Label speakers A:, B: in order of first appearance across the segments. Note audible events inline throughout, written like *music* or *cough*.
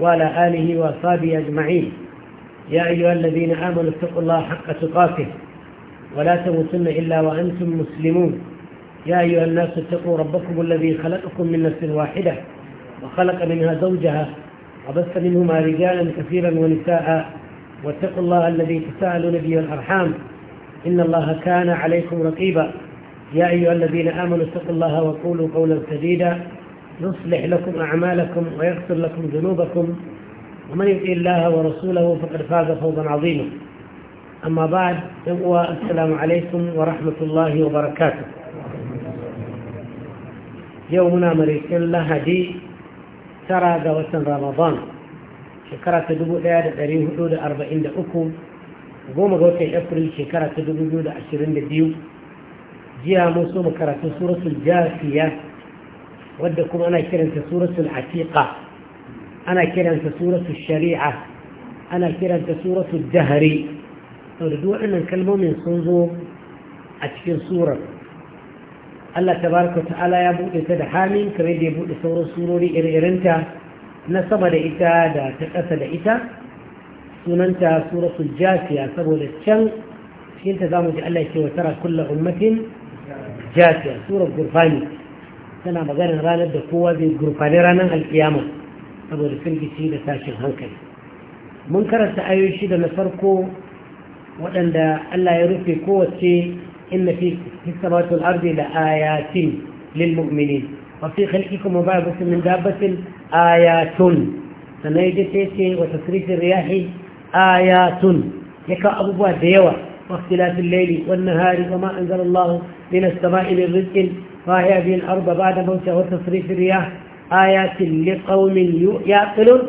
A: وعلى آله وصحبه أجمعين يا أيها الذين آمنوا اتقوا الله حق تقاته ولا تموتن إلا وأنتم مسلمون يا أيها الناس اتقوا ربكم الذي خلقكم من نفس واحدة وخلق منها زوجها وبث منهما رجالا كثيرا ونساء واتقوا الله الذي تساءلون به الأرحام إن الله كان عليكم رقيبا يا أيها الذين آمنوا اتقوا الله وقولوا قولا سديدا يصلح لكم أعمالكم ويغفر لكم ذنوبكم ومن يطع الله ورسوله فقد فاز فوزا عظيما أما بعد السلام عليكم ورحمة الله وبركاته يومنا مريك الله دي ترى ذوات رمضان شكرا تدبو لها دريه حدود أربعين دقو قوم قوتي أبريل شكرا تدبو لها عشرين دقيو جيها موسوم كرة سورة الجاثية wadda kuma ana kiranta suratul atiqa ana kiranta suratul shari'a ana kiranta suratul dahari saboda duk waɗannan kalmomin sun zo a cikin surar Allah tabaraka ta'ala ya buɗe ta da hamin kamar da ya buɗe sauran surori ire na sama da ita da ta ƙasa da ita sunanta suratul jafiya saboda can cikinta za mu ji Allah ya ce wa tara kulla ummatin jafiya surar gurfani tana maganar ranar da kowa zai gurfani ranar alkiyama saboda firgici da tashin hankali mun karanta ayoyi da na farko waɗanda Allah ya rufe kowace inna fi samatul ardi la ayatin lil mu'minin wa fi khalqikum ma ba'da min dabbatin ayatun sannan ya ce wa tasrifin riyahi ayatun ya abubuwa da yawa واختلاف الليل والنهار وما أنزل الله من السماء من رزق فهي به الأرض بعد موتها وتصريف الرياح آيات لقوم يعقلون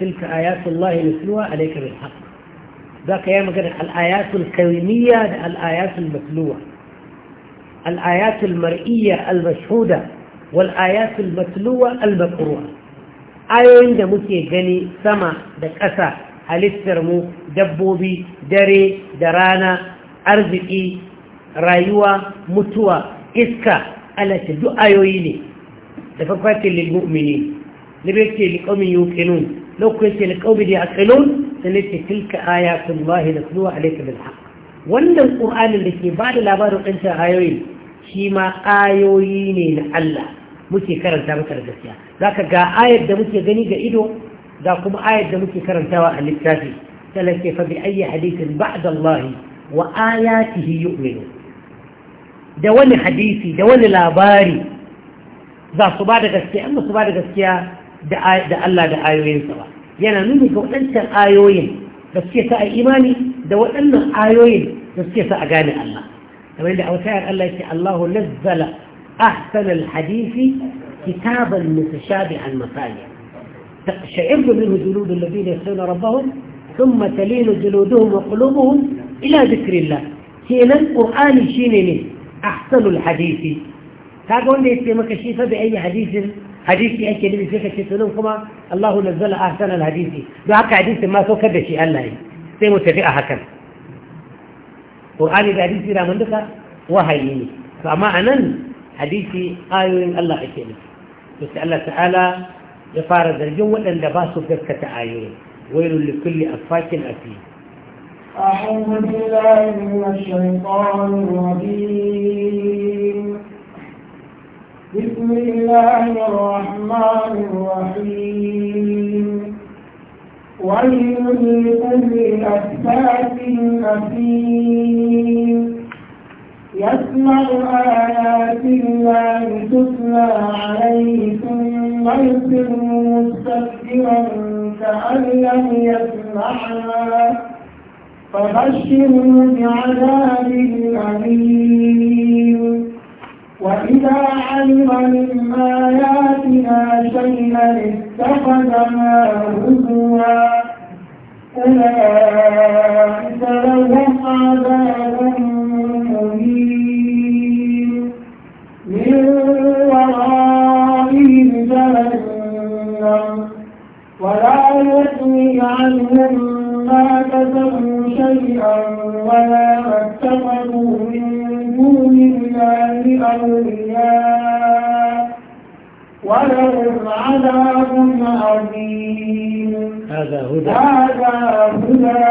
A: تلك آيات الله نتلوها عليك بالحق ذاك يا مقرح الآيات الكونية الآيات المتلوة الآيات المرئية المشهودة والآيات المتلوة المقروءة ayoyin da muke gani sama da ƙasa halittarmu dabbobi dare da rana arziki rayuwa mutuwa iska Allah ce duk ayoyi ne da farko ce lil mu'mini ne bai ce liqaumin yuqinun lokacin ce liqaumin da na ce tilka ayatul lahi natluha alayka bil haqq wannan qur'anin da ke ba da labarin ɗancin ayoyi shi ma ayoyi ne na Allah muke karanta maka da gaskiya za ka ga ayar da muke gani ga ido ga kuma ayar da muke karantawa a littafi sai ce fa bi ayyi hadithin ba'da Allah wa ayatihi yu'minu da wani hadisi da wani labari za su ba da gaskiya amma su ba da gaskiya da Allah da ayoyinsa ba yana nuni ga waɗancan ayoyin da suke sa a imani da waɗannan ayoyin da suke sa a gane Allah kamar yadda a wata Allah ya ce Allahu nazzala ahsanal hadisi kitaban mutashabihan masaliya تقشعر منه جلود الذين يخشون ربهم ثم تلين جلودهم وقلوبهم إلى ذكر الله كينا القرآن شينيني ahsanul hadisi kaga wanda ya ce maka shi fa bi ayi hadisin hadisi ake nufi sai ka ce sunan kuma Allahu nazzala ahsanal hadisi don haka hadisi ma saukar da shi Allah yi sai mu tafi a hakan Qur'ani da hadisi da mun duka wahayi ne to amma nan hadisi ayoyin Allah ake nufi to sai Allah ta'ala ya fara zargin waɗanda ba su gaskata ayoyin wailul likulli afakin afi
B: أعوذ بالله من الشيطان الرجيم بسم الله الرحمن الرحيم ويل لكل أفاك أثيم يسمع آيات الله تتلى عليه ثم يصر مستكبرا كأن لم يسمعها فبشروا بعذاب أليم وإذا علم من آياتنا شيئا اتخذها هزوا أولئك لهم عذاب مهين من ورائهم جهنم ولا يثني عنهم ما كسبوا شيئا ولا اتخذوا من دون الله أولياء ولهم عذاب عظيم هذا هدى هذا هدى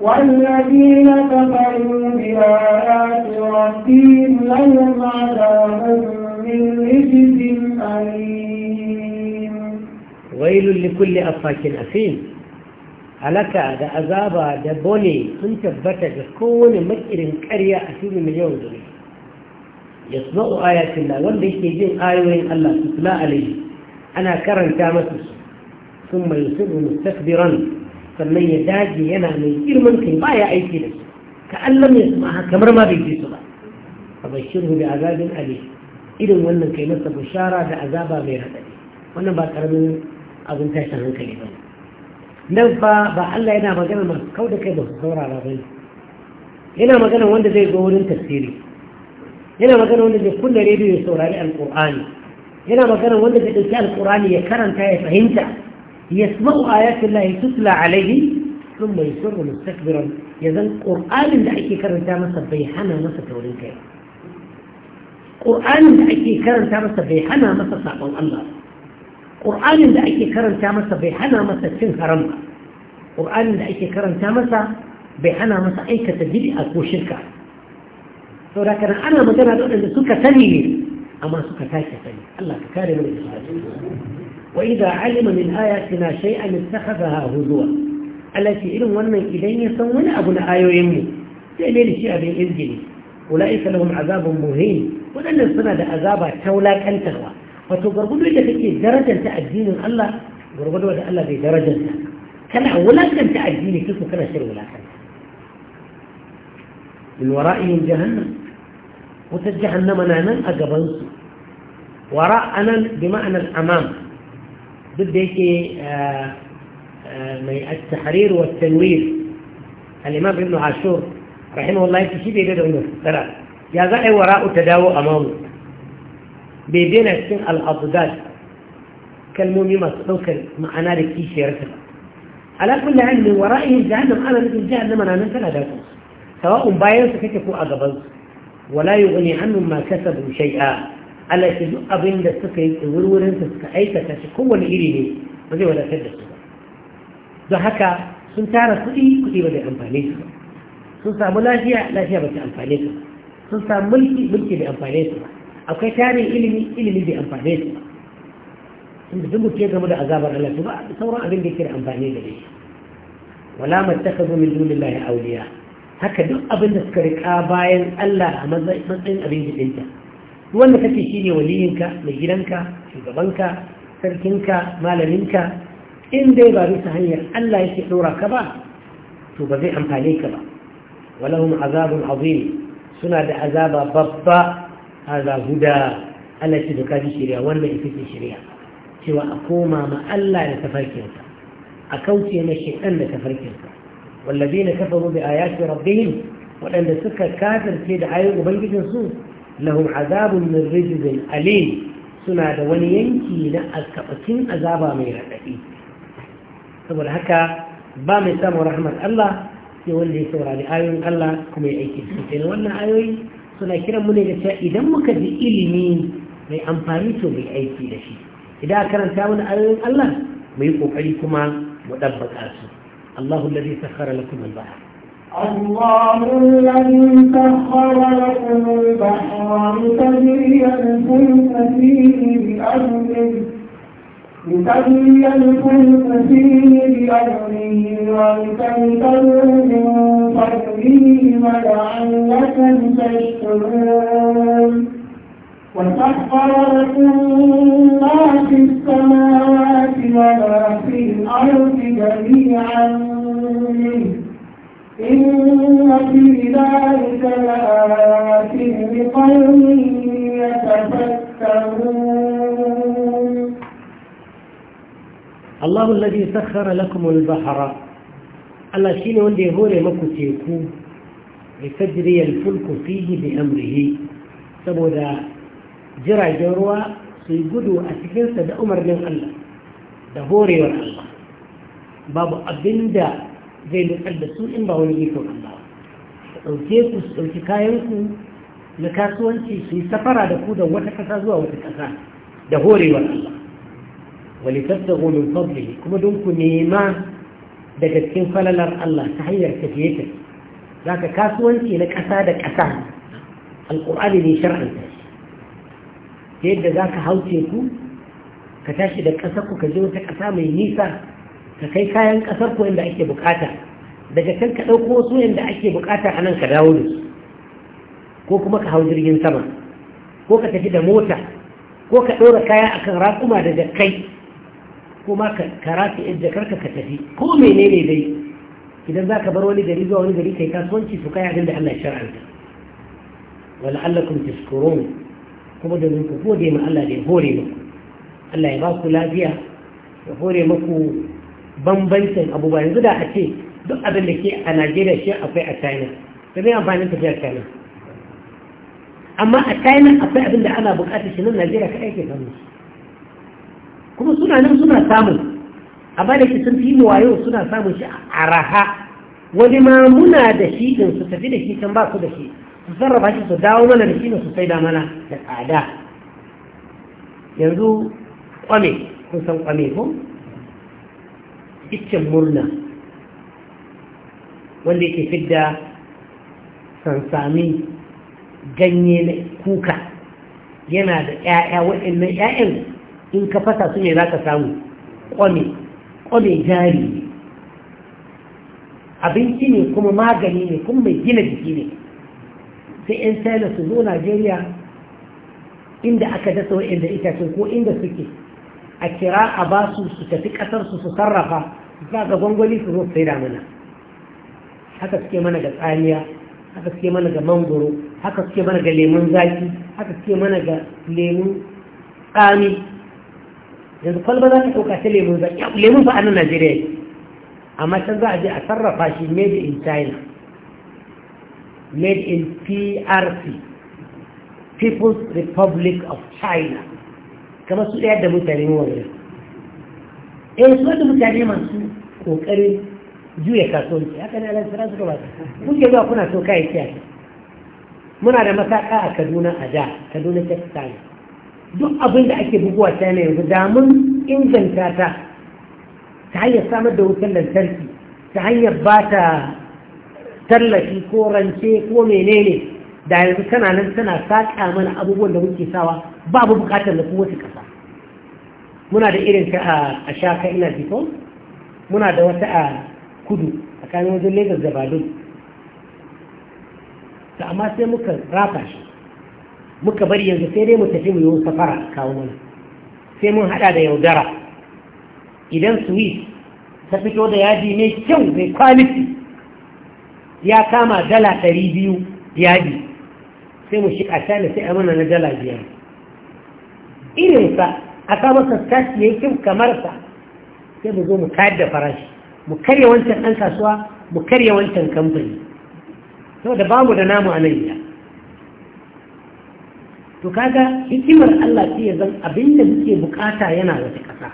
B: والذين كفروا بآيات ربهم لهم عذاب من رجز أليم
A: ويل لكل أفاك أثيم halaka da azaba da bone sun tabbata ga kowane makirin karya a shirin miliyan zuri ya suna ayatun da wanda yake jin ayoyin Allah su tula ana karanta masu su sun mai yusufu mustakbiran sannan ya dage yana mai girman kai ya aiki da su ka Allah ya suma kamar ma bai ji su ba a bashiru da azabin ali irin wannan kai masa bishara da azaba mai raɗaɗi wannan ba karamin abin tashin hankali ba ne nan fa ba Allah yana magana masu kau da kai ba su saurara ba ne yana magana wanda zai zo wurin tafsiri yana magana wanda zai kunna rediyo ya saurari alƙur'ani yana magana wanda zai ɗauki alƙur'ani ya karanta ya fahimta ya smaru ayatin lahi tutla alaihi sun mai sirru mustakbiran ya zan ƙur'anin da ake karanta masa bai hana masa taurin kai ƙur'anin da ake karanta masa bai hana masa saƙon Allah ƙur'anin da ake karanta masa bai hana masa cin haram ba ƙur'anin da ake karanta masa bai hana masa aikata bid'a ko shirka sau da kana ana magana da waɗanda suka sani ne amma suka tashi sani Allah ka kare mana da shi wa idza alima min ayatina shay'an ittakhadha huzwa alati irin wannan idan ya san wani abu na ayoyin mu sai ne shi abin izgili ulaika lahum azabun muhin waɗannan suna da azaba ta wulakantarwa فتقربون لك في درجة تأجين الله قربون لك الله في درجة كلا ولا كان تأجين كيف كان شر ولا كان من ورائهم جهنم وتجهنم نانا أقبل أنا بمعنى الأمام ضد هيك التحرير والتنوير الإمام ابن عاشور رحمه الله يكتب شيء بيدعو ترى يا ذا وراء تداو أمامه bai daina cikin al'adudad kalmomi masu ɗaukar ma'ana da kishiyarsa ba alaƙul da hannun wa ra'ayin jahannam ana nufin jahannama na nan tana da su sawa'un bayan su kake ko a gaban wala yi wani hannun ma kasa bu shai'a Allah ce duk abin da suka yi tsawurwurin su suka aikata shi kowane iri ne ba zai wadatar da su ba don haka sun tara kuɗi kuɗi ba zai amfane su ba sun samu lafiya lafiya ba ta amfane su ba sun samu mulki mulki bai amfane su ba akwai tarin ilimi ilimi bai amfane su inda duk mutum ya da azabar Allah to ba sauran abin da yake da amfani da shi wala mattakhadhu min dunillahi awliya haka duk abin da suka rika bayan Allah a matsayin abin gidinta wanda kake shine waliyinka mai gidanka shugabanka sarkinka malaminka in dai ba bisa hanyar Allah yake dora ka ba to ba zai amfane ka ba walahum azabun azim suna da azaba babba haza huda Allah ce doka shirya wannan ita ce shirya cewa a koma ma Allah da tafarkinsa a kauce na shaitan da tafarkinsa wallazi na kafaru a ayati rabbihim waɗanda suka kafirce da ayoyin ubangijinsu lahum azabun min rijzin Ali, suna da wani yanki na askabatin azaba mai raɗaɗi saboda haka ba mai samun rahmar Allah sai wanda ya saurari ayoyin Allah kuma ya aiki su kenan wannan ayoyi suna kiran mu ne da cewa idan muka ji ilimi mai amfani to mai aiki da shi idan aka karanta mana ayoyin Allah mu yi kokari kuma mu dabbaka su Allahu allazi sakhara lakum al-bahr
B: lakum al سخر لكم البحر لتجري fihi bi amrihi لكي يلفلك فيه بأمره ولكي من فضله ولعلكم تشكرون وسخر لكم ما في السماوات وما في الأرض جميعا منه إن في ذلك لآيات لقوم يتفكرون
A: Allahu alladhi sakhkhara lakum al-bahra Allah shine wanda ya hore maku teku mai al-fulku fihi bi amrihi saboda jiragen ruwa su gudu a cikinsa da umarnin Allah da horewar Allah babu abinda zai nutsar da su in ba wani ikon Allah ɗauke ku su ɗauki kayanku na kasuwanci su yi safara da ku da wata ƙasa zuwa wata ƙasa da horewar Allah wali tattago min fadlihi kuma don ku nema daga cikin falalar Allah ta hanyar tafiye ta za ka kasuwanci na ƙasa da ƙasa alƙur'ani ne shar'anta ta yadda za ka hauce ku ka tashi da ƙasar ku ka je wata ƙasa mai nisa ka kai kayan ƙasar ku yadda ake bukata daga kan ka ɗauko wasu yadda ake bukata a nan ka dawo da su ko kuma ka hau jirgin sama ko ka tafi da mota ko ka ɗora kaya akan raƙuma da kai. kuma ka rasa yadda karka ka tafi ko menene dai idan za ka bar wani gari zuwa wani gari kai kasuwanci su kai abin da Allah ya shar'anta wala allakum tashkurun kuma da ku gode ma Allah da ya hore muku Allah ya ba ku lafiya ya hore muku bambancin abubuwa yanzu da a ce duk abin da ke a Najeriya shi akwai a China da bai amfanin tafiyar China amma a China akwai abin da ana bukatar shi nan Najeriya ka aike kan musu kuma suna nan suna samun a bada shi sun fi wayo suna samun shi a raha wani ma muna da shi din su tafi da shi can ba su da shi su sarrafa shi su dawo mana da shi ne su sai da mana da tsada yanzu kwame kun san kwame ko iccen murna wanda yake fidda sansami ganye na kuka yana da 'ya'ya waɗannan 'ya'yan in ka fasa su ne za ka samu kwame kwame jari ne abinci ne kuma magani ne kuma mai gina jiki ne sai 'yan china su zo najeriya inda aka dasa wa'in da itacen ko inda suke a kira a ba su su tafi ƙasarsu su sarrafa za ga gwangwani su zo sai da mana haka suke mana ga tsamiya haka suke mana ga mangoro haka suke mana ga lemun zaki haka suke mana ga lemun tsami yanzu kwalba za ta ɗauka ta lemun za lemun fa a nan najeriya amma can za a je a sarrafa shi made in china made in prc people's republic of china kamar su ɗaya da mutane wani E, eh, su da mutane masu ƙoƙarin juya kasuwanci haka ne alan sira suka ba su kuke zuwa kuna so kayayyaki muna da masaka a kaduna a da kaduna textile duk abin da ake a china yanzu da mun inganta ta ta hanyar samar da wutar lantarki ta hanyar ba ta tallafi ko rance ko menene da yanzu tana nan tana saƙa mana abubuwan da muke sawa ba babu buƙatar da kuma kasa muna da irin ta a shaka ina fito muna da wata a kudu a kayan wajen lagos da badun amma sai muka rafa shi muka bari yanzu sai dai mu tafi mu yi safara kawo mana sai mun hada da yaudara idan swiss ta fito da yadi, mai kyau mai kwaliti ya kama dala ɗari biyu yaji sai mu a shani sai a mana na dala biyar irinsa a kama saskaci ya yi kyau kamar sa sai mu zo mu kayar da farashi mu karya wancan ɗan kasuwa mu karya wancan kamfani ba bamu da namu a nan gida to kaga hikimar Allah ce ya zan abin da muke bukata yana wata ƙasa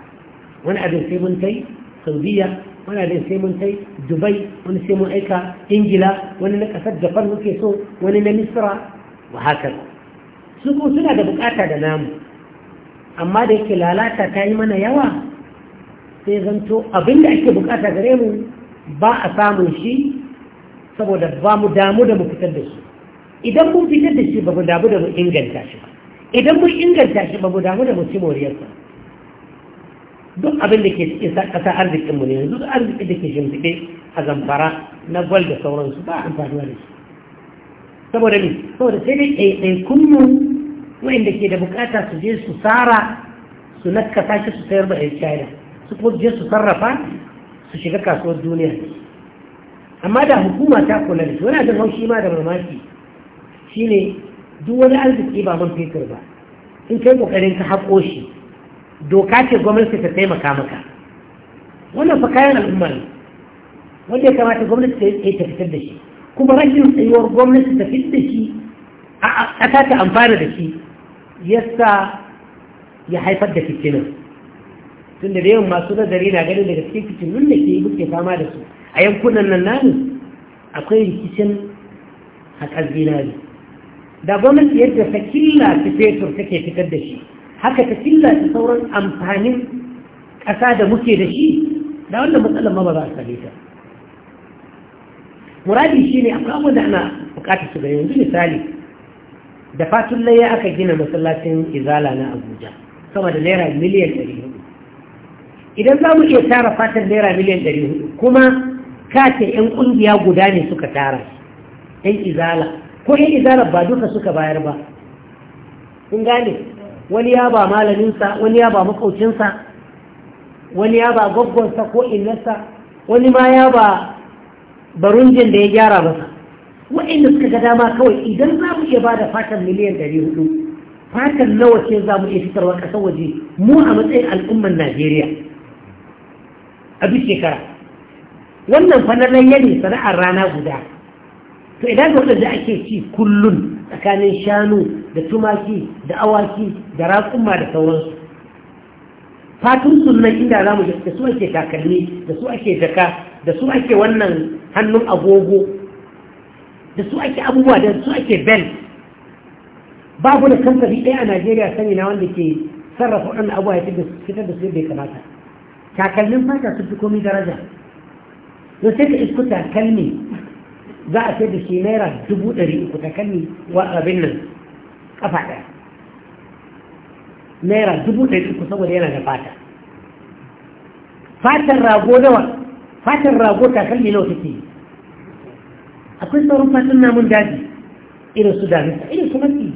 A: wani abin sai mun kai saudiya wani abin sai mun kai dubai wani sai mun aika ingila wani na ƙasar japan muke so wani na misra wa haka su kuma suna da bukata da namu amma da yake lalata ta yi mana yawa sai zanto abin da ake bukata gare mu ba a samun shi saboda ba mu damu da mu fitar da shi idan mun fitar da shi ba mu damu da mu inganta shi ba idan mun inganta shi ba mu damu da mu ci moriyarsa duk abin da ke cikin ƙasa arzikinmu ne yanzu duk arziki da ke shimfiɗe a zamfara na gwal da sauransu ba amfani da shi saboda ne saboda sai dai kunnu wa'inda ke da bukata su je su tsara su nakasa shi su sayar da china su kuma je su sarrafa su shiga kasuwar duniya amma da hukuma ta kula da shi wani abin haushi ma da mamaki shine duk wani arziki ba mun fetur ba in kai kokarin ka haƙo shi doka ce gwamnati ta taimaka maka wannan fa kayan al'umma ne wanda ya kamata gwamnati ta yi fitar da shi kuma rashin tsayuwar gwamnati ta fitar da shi a ƙasa ta amfana da shi yasa ya haifar da fitinin tun da yawan masu nazari na ganin daga cikin fitinun da ke muke fama da su a yankunan nan namu akwai rikicin haƙar zinari da gwamnati yadda ta killace fetur take fitar da shi haka ta killace sauran amfanin ƙasa da muke da shi da wannan matsalar ma ba za a same ta muradi shi ne akwai da ana bukatar su ga yanzu misali da fatun laye aka gina masallacin izala na abuja sama da naira miliyan 400 idan za mu iya tara fatan naira miliyan 400 kuma kace 'yan ƙungiya guda ne suka tara 'yan izala ko in izarar ba duka suka bayar ba in gane wani ya ba malaminsa wani ya ba makaucinsa wani ya ba gwaggonsa ko innarsa wani ma ya ba barunjin da ya gyara masa wa'inda suka ga dama kawai idan za mu iya ba da fatan miliyan ɗari fatan nawa ce za mu iya fitarwa kasar waje mu a matsayin al'ummar najeriya a duk shekara wannan fanarren yanayi sana'ar rana guda to idan da wadanda ake ci kullun tsakanin shanu da tumaki da awaki da raƙuma da sauransu fatun sunan inda za mu da su ake takalmi da su ake jaka da su ake wannan hannun agogo da su ake abubuwa da su ake bel babu da kamfani ɗaya a najeriya sani na wanda ke sarrafa waɗannan abubuwa ya fitar da su yadda bai kamata takalmin fata sun fi komai daraja yau sai ka iskuta kalmi za a sai da shi naira dubu ɗari uku ta kalli wa abin nan ƙafa ɗaya naira dubu ɗari uku saboda yana da fata fatan rago nawa fatan rago ta nawa take akwai sauran fatan namun daji irin su damisa irin su mafi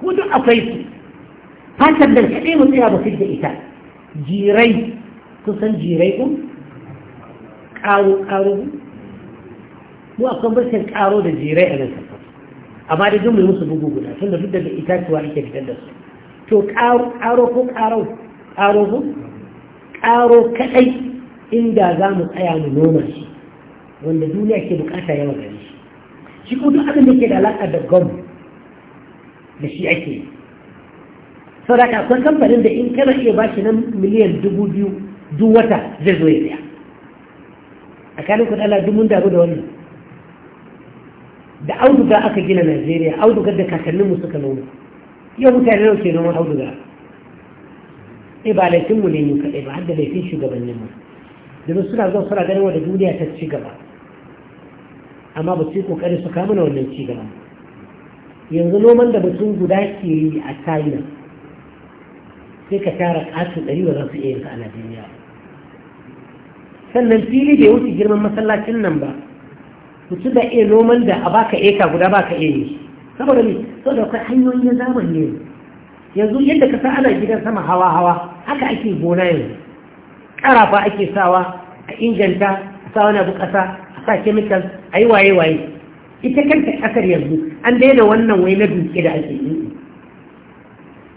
A: ko duk akwai su fatan da kaɗai mutum ya ba da ita jirai kusan jirai ko ƙaru ƙaru mu a kwamfashin karo da jirai a nan sakwato amma da jin mai musu bugu guda tun da duk da itatuwa ake fitar da su to karo ko karo karo ko karo kadai inda za mu tsaya mu noma shi wanda duniya ke bukata yawa gari shi shi ko duk abin da ke da alaka da gwamnati da shi ake yi sau da akwai kamfanin da in kana iya ba shi nan miliyan dubu biyu duk wata zai zo ya tsaya a kanin kudala dubun damu da wani. da auduga aka gina najeriya audugar da kakanninmu suka nuna yau mutane nau ke noman auduga sai eh, ba laifinmu ne yi kaɗai ba har da laifin shugabanninmu domin suna zuwa suna ganin wadda duniya ta ci gaba amma ba su yi ƙoƙari su kama na wannan ci gaba yanzu noman da mutum guda ke yi a china sai ka tara ƙasin ɗari ba za su iya yanka a najeriya sannan fili bai wuce girman masallacin nan ba mutum da iya noman da a baka eka guda baka iya yi saboda ne da kai hanyoyin ya zaman ne yanzu yadda ka san ana gidan sama hawa hawa haka ake gona yanzu karafa ake sawa a inganta a sa wani abu kasa a sa kemikal a yi waye waye ita kanta kasar yanzu an daina wannan wai na duke da ake yi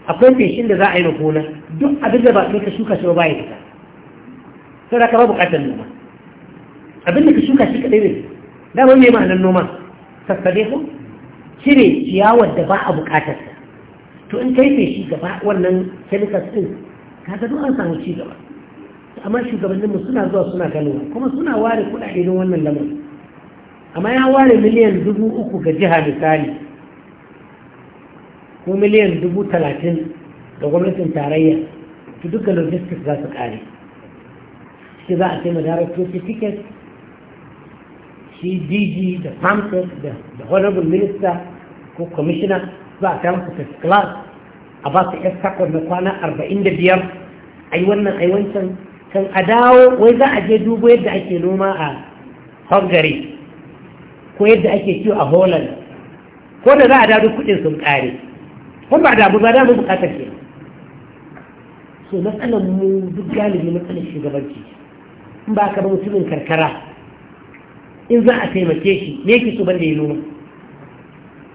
A: akwai feshin da za a yi na gona duk abin da ba ka shuka shi ba ya fita sai da ka ba buƙatar noma abin da ka shuka shi kaɗai ne dama mai ma'anar noma. Sassane ku. cire ciyawar da ba a bukatar to in kai shi gaba wannan chemicals din kaga duk an samu ci gaba amma shugabanninmu suna zuwa suna ganowa kuma suna ware kuɗaɗe don wannan lamarin amma ya ware miliyan dubu uku ga jiha misali ko miliyan dubu talatin ga gwamnatin tarayya to duka logistics za su kare shi za a sai madarar tiket. shi da pamphlet da da honorable minister ko commissioner za a kama first class a ba su yan sakon na kwana arba'in da biyar a yi wannan a wancan kan a dawo wai za a je dubo yadda ake noma a hungary ko yadda ake kiwo a holland ko da za a dawo kudin sun kare kuma ba damu ba damu bukatar ke so matsalar mu duk galibi matsalar shugabanci in ba ka ba mutumin karkara in za a taimake shi me yake so da ya noma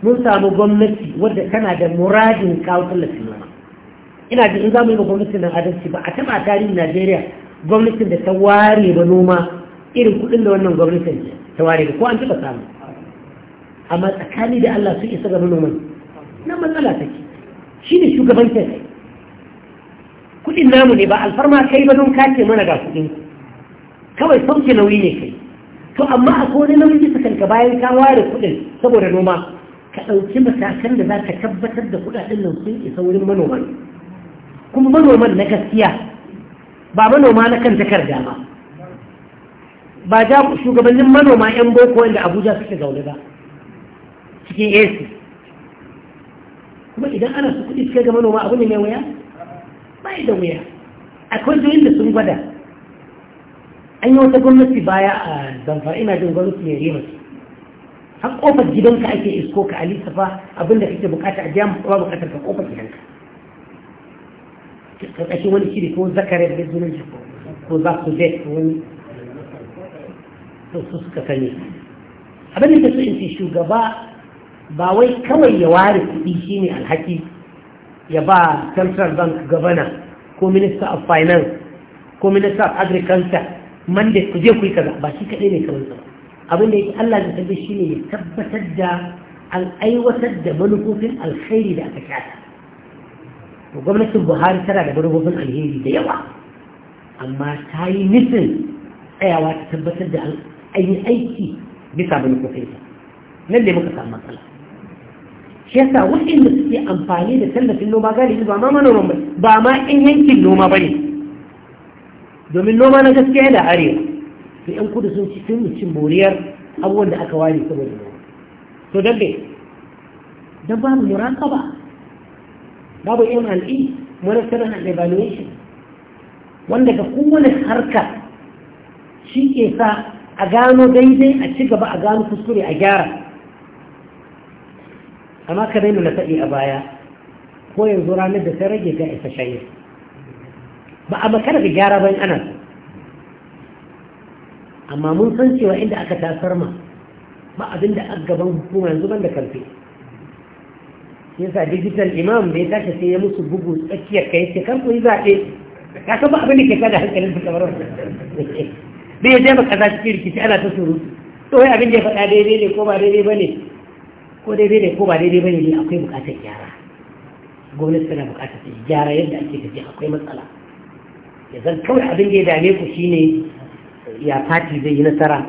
A: mun samu gwamnati wadda tana da muradin kawo tallafin noma ina ji in za mu yi ma gwamnatin nan adalci ba a taba tarihin najeriya gwamnatin da ta ware ba noma irin kuɗin da wannan gwamnatin ta ware ba ko an taba samu amma tsakani da allah su isa ga manoman na matsala take shi ne shugaban kai kuɗin namu ne ba alfarma kai ba don kace mana ga kudin kawai sauke nauyi ne kai to amma a kone namiji ta kanka bayan ka ware kuɗin saboda noma ka ɗauki matakan da za ka tabbatar da kuɗaɗen nan sun isa wurin manoman kuma manoman na gaskiya ba manoma na kan takarda ba ba ja shugabannin manoma 'yan boko wanda abuja suke zaune ba cikin ac kuma idan ana su kuɗi suke ga manoma abu ne mai wuya ba da wuya akwai doyin da sun gwada an yi wata gwamnati baya a zamfara ina jin gwamnati ne rima su har kofar gidanka ake isko ka Alisa, fa abinda kake bukata a jami'a ba bukatar ka kofar gidanka karkashin wani shiri ko zakarar da zunan shi ko za ku zai ko wani su suka sani abin da ta so in ce shugaba ba wai kawai ya ware kuɗi shi ne alhaki ya ba central bank governor ko minister of finance ko minister of agriculture manda ku je ku yi kaza ba shi kaɗai ne kawai ba abin da yake Allah da kaje shine ya tabbatar da an aiwatar da manufofin alkhairi da aka shata to gwamnatin Buhari tana da manufofin alheri da yawa amma ta yi nufin tsayawa ta tabbatar da ayi aiki bisa manufofin manufofinsa nan ne muka samu matsala shi yasa waɗanda suke amfani da tallafin noma galibi ba ma manoman ba ma in yankin noma ba ne domin noma na gaskiya yana arewa to yan kudu sun ci sun cin moriyar abubuwan da aka ware saboda noma to don me don babu ba babu yin al'i e, monitoring na evaluation wanda ga kowane harka shi ke sa a gano daidai a ci gaba a gano kuskure a gyara amma ka daina na faɗi a baya ko yanzu ranar da ta rage ga isa shayar ba a makara da gyara bayan ana amma mun san cewa inda aka tasar ma ba abin da aka gaban hukuma yanzu ban da karfe shi yasa digital imam da ya tashi sai ya musu bugu tsakiyar kai ce kan ku yi zaɓe ka san ba abin da ke kada hankalin su kamar wannan *laughs* bai ya taimaka za cikin rikici ana ta surutu to wai abin da ya faɗa daidai ne ko ba daidai ba ne ko daidai ne ko ba daidai ba ne akwai buƙatar gyara gwamnati tana buƙatar gyara yadda ake tafiya akwai matsala ya zan kawai abin da ya dame ku shine ya fati zai yi nasara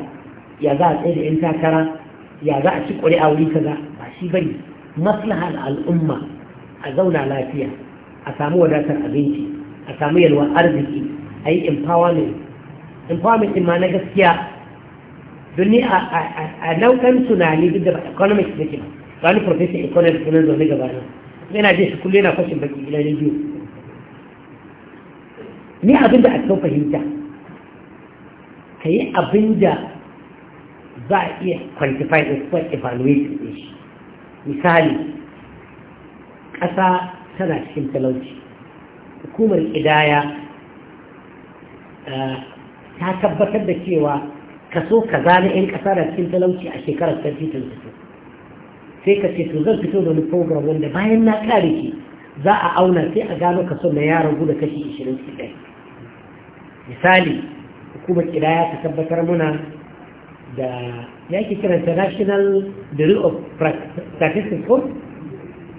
A: ya za a tsaye da 'yan takara ya za a ci a wuri kaza ba shi bane maslaha al'umma a zauna lafiya a samu wadatar abinci a samu yalwar arziki a yi empowerment empowerment ma na gaskiya don a nau'kan tunani duk da economics da ke ba wani professor economics na zaune gabanin yana jin shi kullum yana kwashin baki gidan rediyo ni abinda a kan fahimta ka yi abinda za a iya quantify ɗin ko evaluation. misali ƙasa tana cikin talauci hukumar ƙidaya eh, ta tabbatar da cewa kaso ka zane 'yan ƙasa da cikin talauci a shekarar 2022 sai ka ce to zan fito da wani program wanda bayan na kare ki za a auna sai a gano kaso na yaron guda kashi 20 ɗaya misali hukumar kidaya ta tabbatar muna da ya ke kira international bureau of statistics ko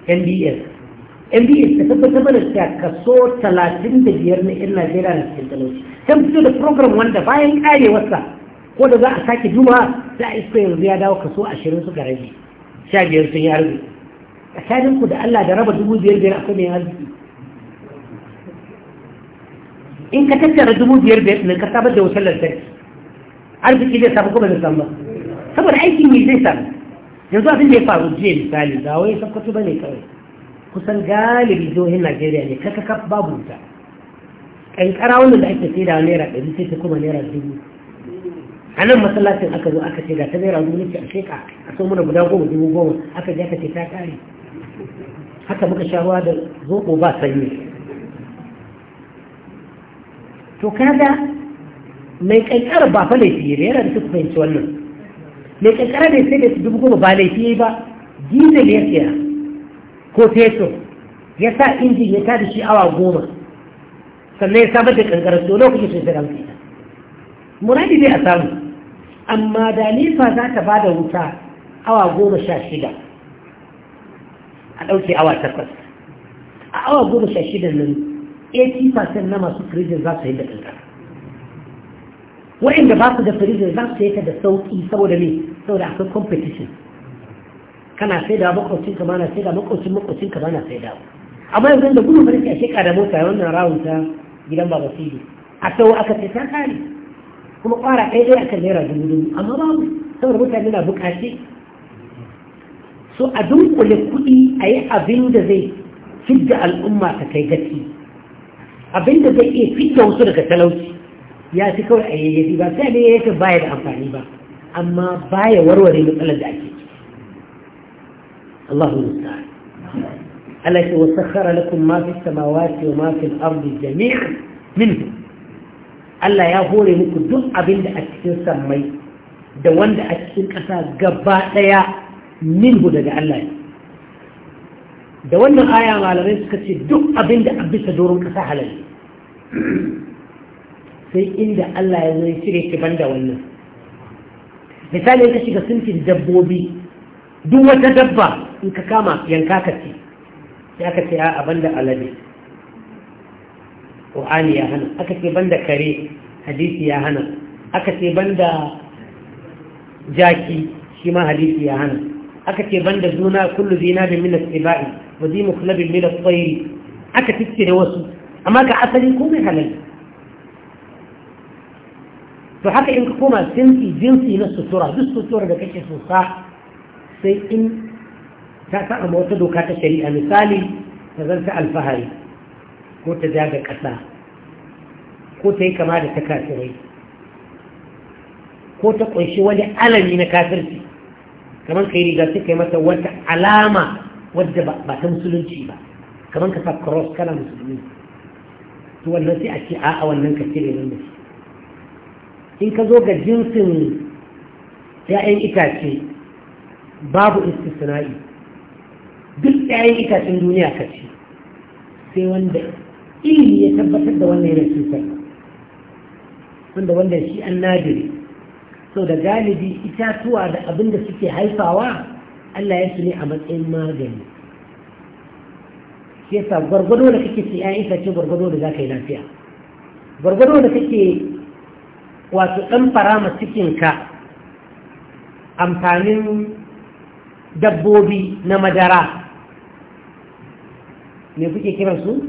A: NBS mbs ta tabbatar mana cewa kaso 35 na 'yan najeriya na cikin talauci ta fito da program wanda bayan karewarsa ko da za a sake duba za a iska yanzu ya dawo kaso 20 suka Sha 15 sun yi arziki a ku da allah da raba 5,000 akwai mai arziki إن كتبت الردمون دي ربيت من الكتابة دي وصل للسلس عارف كده سابقه من الزلمة سابقه حيث يميزي سابقه جنزوا عزين دي فارو جيل سالي داوي سابقه تباني كوي خسن قالي بيزو هنا جيري يعني كككك بابو جا كان كراون اللي حيث تسيرا ونيرا كده سيتكو ما نيرا الدمون أنا ما صلاتي أكدو أكسيرا تبير أدو نيشي أشيكا أصومنا بداو قوم دمو قوم أكد يكتفاك علي حتى بك شاروها ده زوق وباس to kaga mai kankara ba fa laifi ne yana da su fahimci wannan mai kankara da sai da su dubu goma ba laifi ba diesel ya siya ko fetur ya sa injin ya tada shi awa goma sannan ya samar da kankara to na sun sai ramfi muradi zai a samu amma da nifa za ta ba da wuta awa goma sha shida a ɗauke awa takwas a awa goma sha shida nan 80% na masu firijin za su yi da ƙanƙara waɗanda ba su da firijin za su yi ta da sauƙi saboda ne saboda akwai competition kana sai da makwacin ka mana sai da makwacin makwacin ka mana sai da amma yanzu da gudu farki a shekara mota wannan rawun ta gidan baba sidi a sau aka ce ta kare kuma kwara ɗaya ɗaya akan naira dubu dubu amma babu saboda mutane na buƙace so a dunkule kuɗi a yi abin da zai fidda al'umma ta kai gaci abinda zai iya fita wasu daga talauci ya fi kawai a yayyafi ba sai ya yake baya da amfani ba amma baya warware matsalar da ake Allahu musta'an Allah ya wasakhara lakum ma fi samawati wa ma fi al-ardi jami'an minhu Allah ya hore muku duk abinda a cikin sammai da wanda a cikin ƙasa gaba ɗaya minhu daga Allah ne da wannan aya malamai suka ce duk abin da a bisa doron kasa halal sai inda Allah ya zai cire ki banda wannan misali ka shiga sintin dabbobi duk wata dabba in ka kama yanka ka ce Ya ka ce a banda alade ƙwa'ani ya hana aka ce banda kare hadisi ya hana aka ce banda jaki shi ma hadisi ya hana aka ce banda juna kullu zinabin min as-sibai wa zi mukhlabin min as-sayr aka tice da wasu amma ka asali komai halal to haka in ka koma sinsi jinsi na sutura duk sutura da kake so sa sai in ta saba wata doka ta shari'a misali ta zanta alfahari ko ta ja da ko ta yi kama da ta kafirai ko ta ƙunshi wani alami na kafirci kamar ka yi riga sai ka yi mata wata alama wadda ba ta musulunci ba kamar ka sa cross kana musulmi to wannan sai a ce a'a wannan ka cire nan da shi. in ka zo ga jinsin ‘ya'yan itace babu istisna'i duk ‘ya'yan itacen duniya ka ce sai wanda ilimi ya tabbatar da wannan yana cutar wanda wanda shi an nadiri sau da galibi itatuwa da abin da suke haifawa Allah ya ne a matsayin magani shi yasa gwargwado da kake ci ‘ya'yan itace gwargwado da za ka yi lafiya gwargwado da kake wato ɗan farama cikinka amfanin dabbobi na madara me kuke kiransu?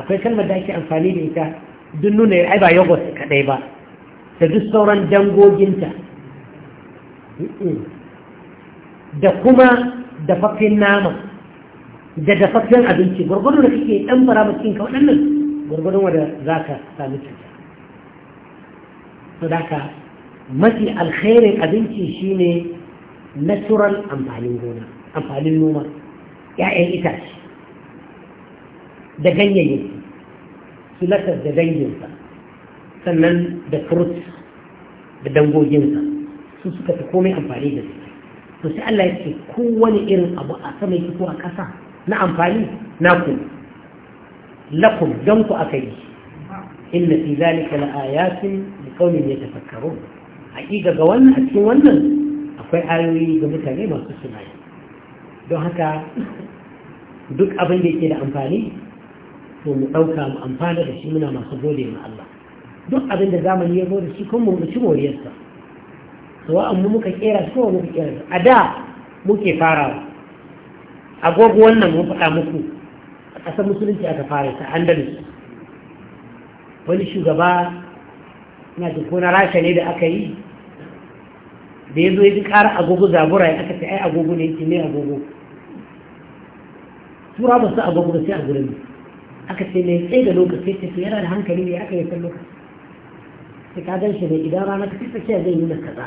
A: akwai kalmar da ake amfani da ita duk nuna ai ba yogos kadai ba da duk sauran dangoginta da kuma dafaffen nama da dafaffen abinci gwargwadon da kake dan fara mutum ka waɗannan gwargwadon wanda za ka sami cuta sadaka mafi alkhairin abinci shine natural amfanin gona amfanin noma 'ya'yan itace da ganyayyaki silatar da danginsa sannan da fruit da dangoginsa su suka fi komai amfani da su to sai Allah ya ce kowane irin abu a sama yake ko a ƙasa na amfani na ku lakum don ku aka yi inna fi zalika la ayatin li qaumin yatafakkarun haƙiƙa ga wannan a cikin wannan akwai ayoyi ga mutane masu tunani don haka duk abin da yake da amfani to mu ɗauka mu amfana da shi muna masu gode ma Allah duk abin da zamani ya zo da shi kuma mu ci moriyarsa an mu muka kera shi ko muka kera a da muke farawa agogo wannan mun faɗa muku a ƙasar musulunci aka fara ta andalus wani shugaba na jin ko na rasha ne da aka yi da ya zo ya ji ƙara agogo zabura ya aka ce ai agogo ne yake ne agogo tura ba su agogo ba sai a gurin aka ce mai tsaye da lokaci ta ce yana da hankali ne aka yi san lokaci ta ka gan shi ne idan rana ta fita zai nuna kaza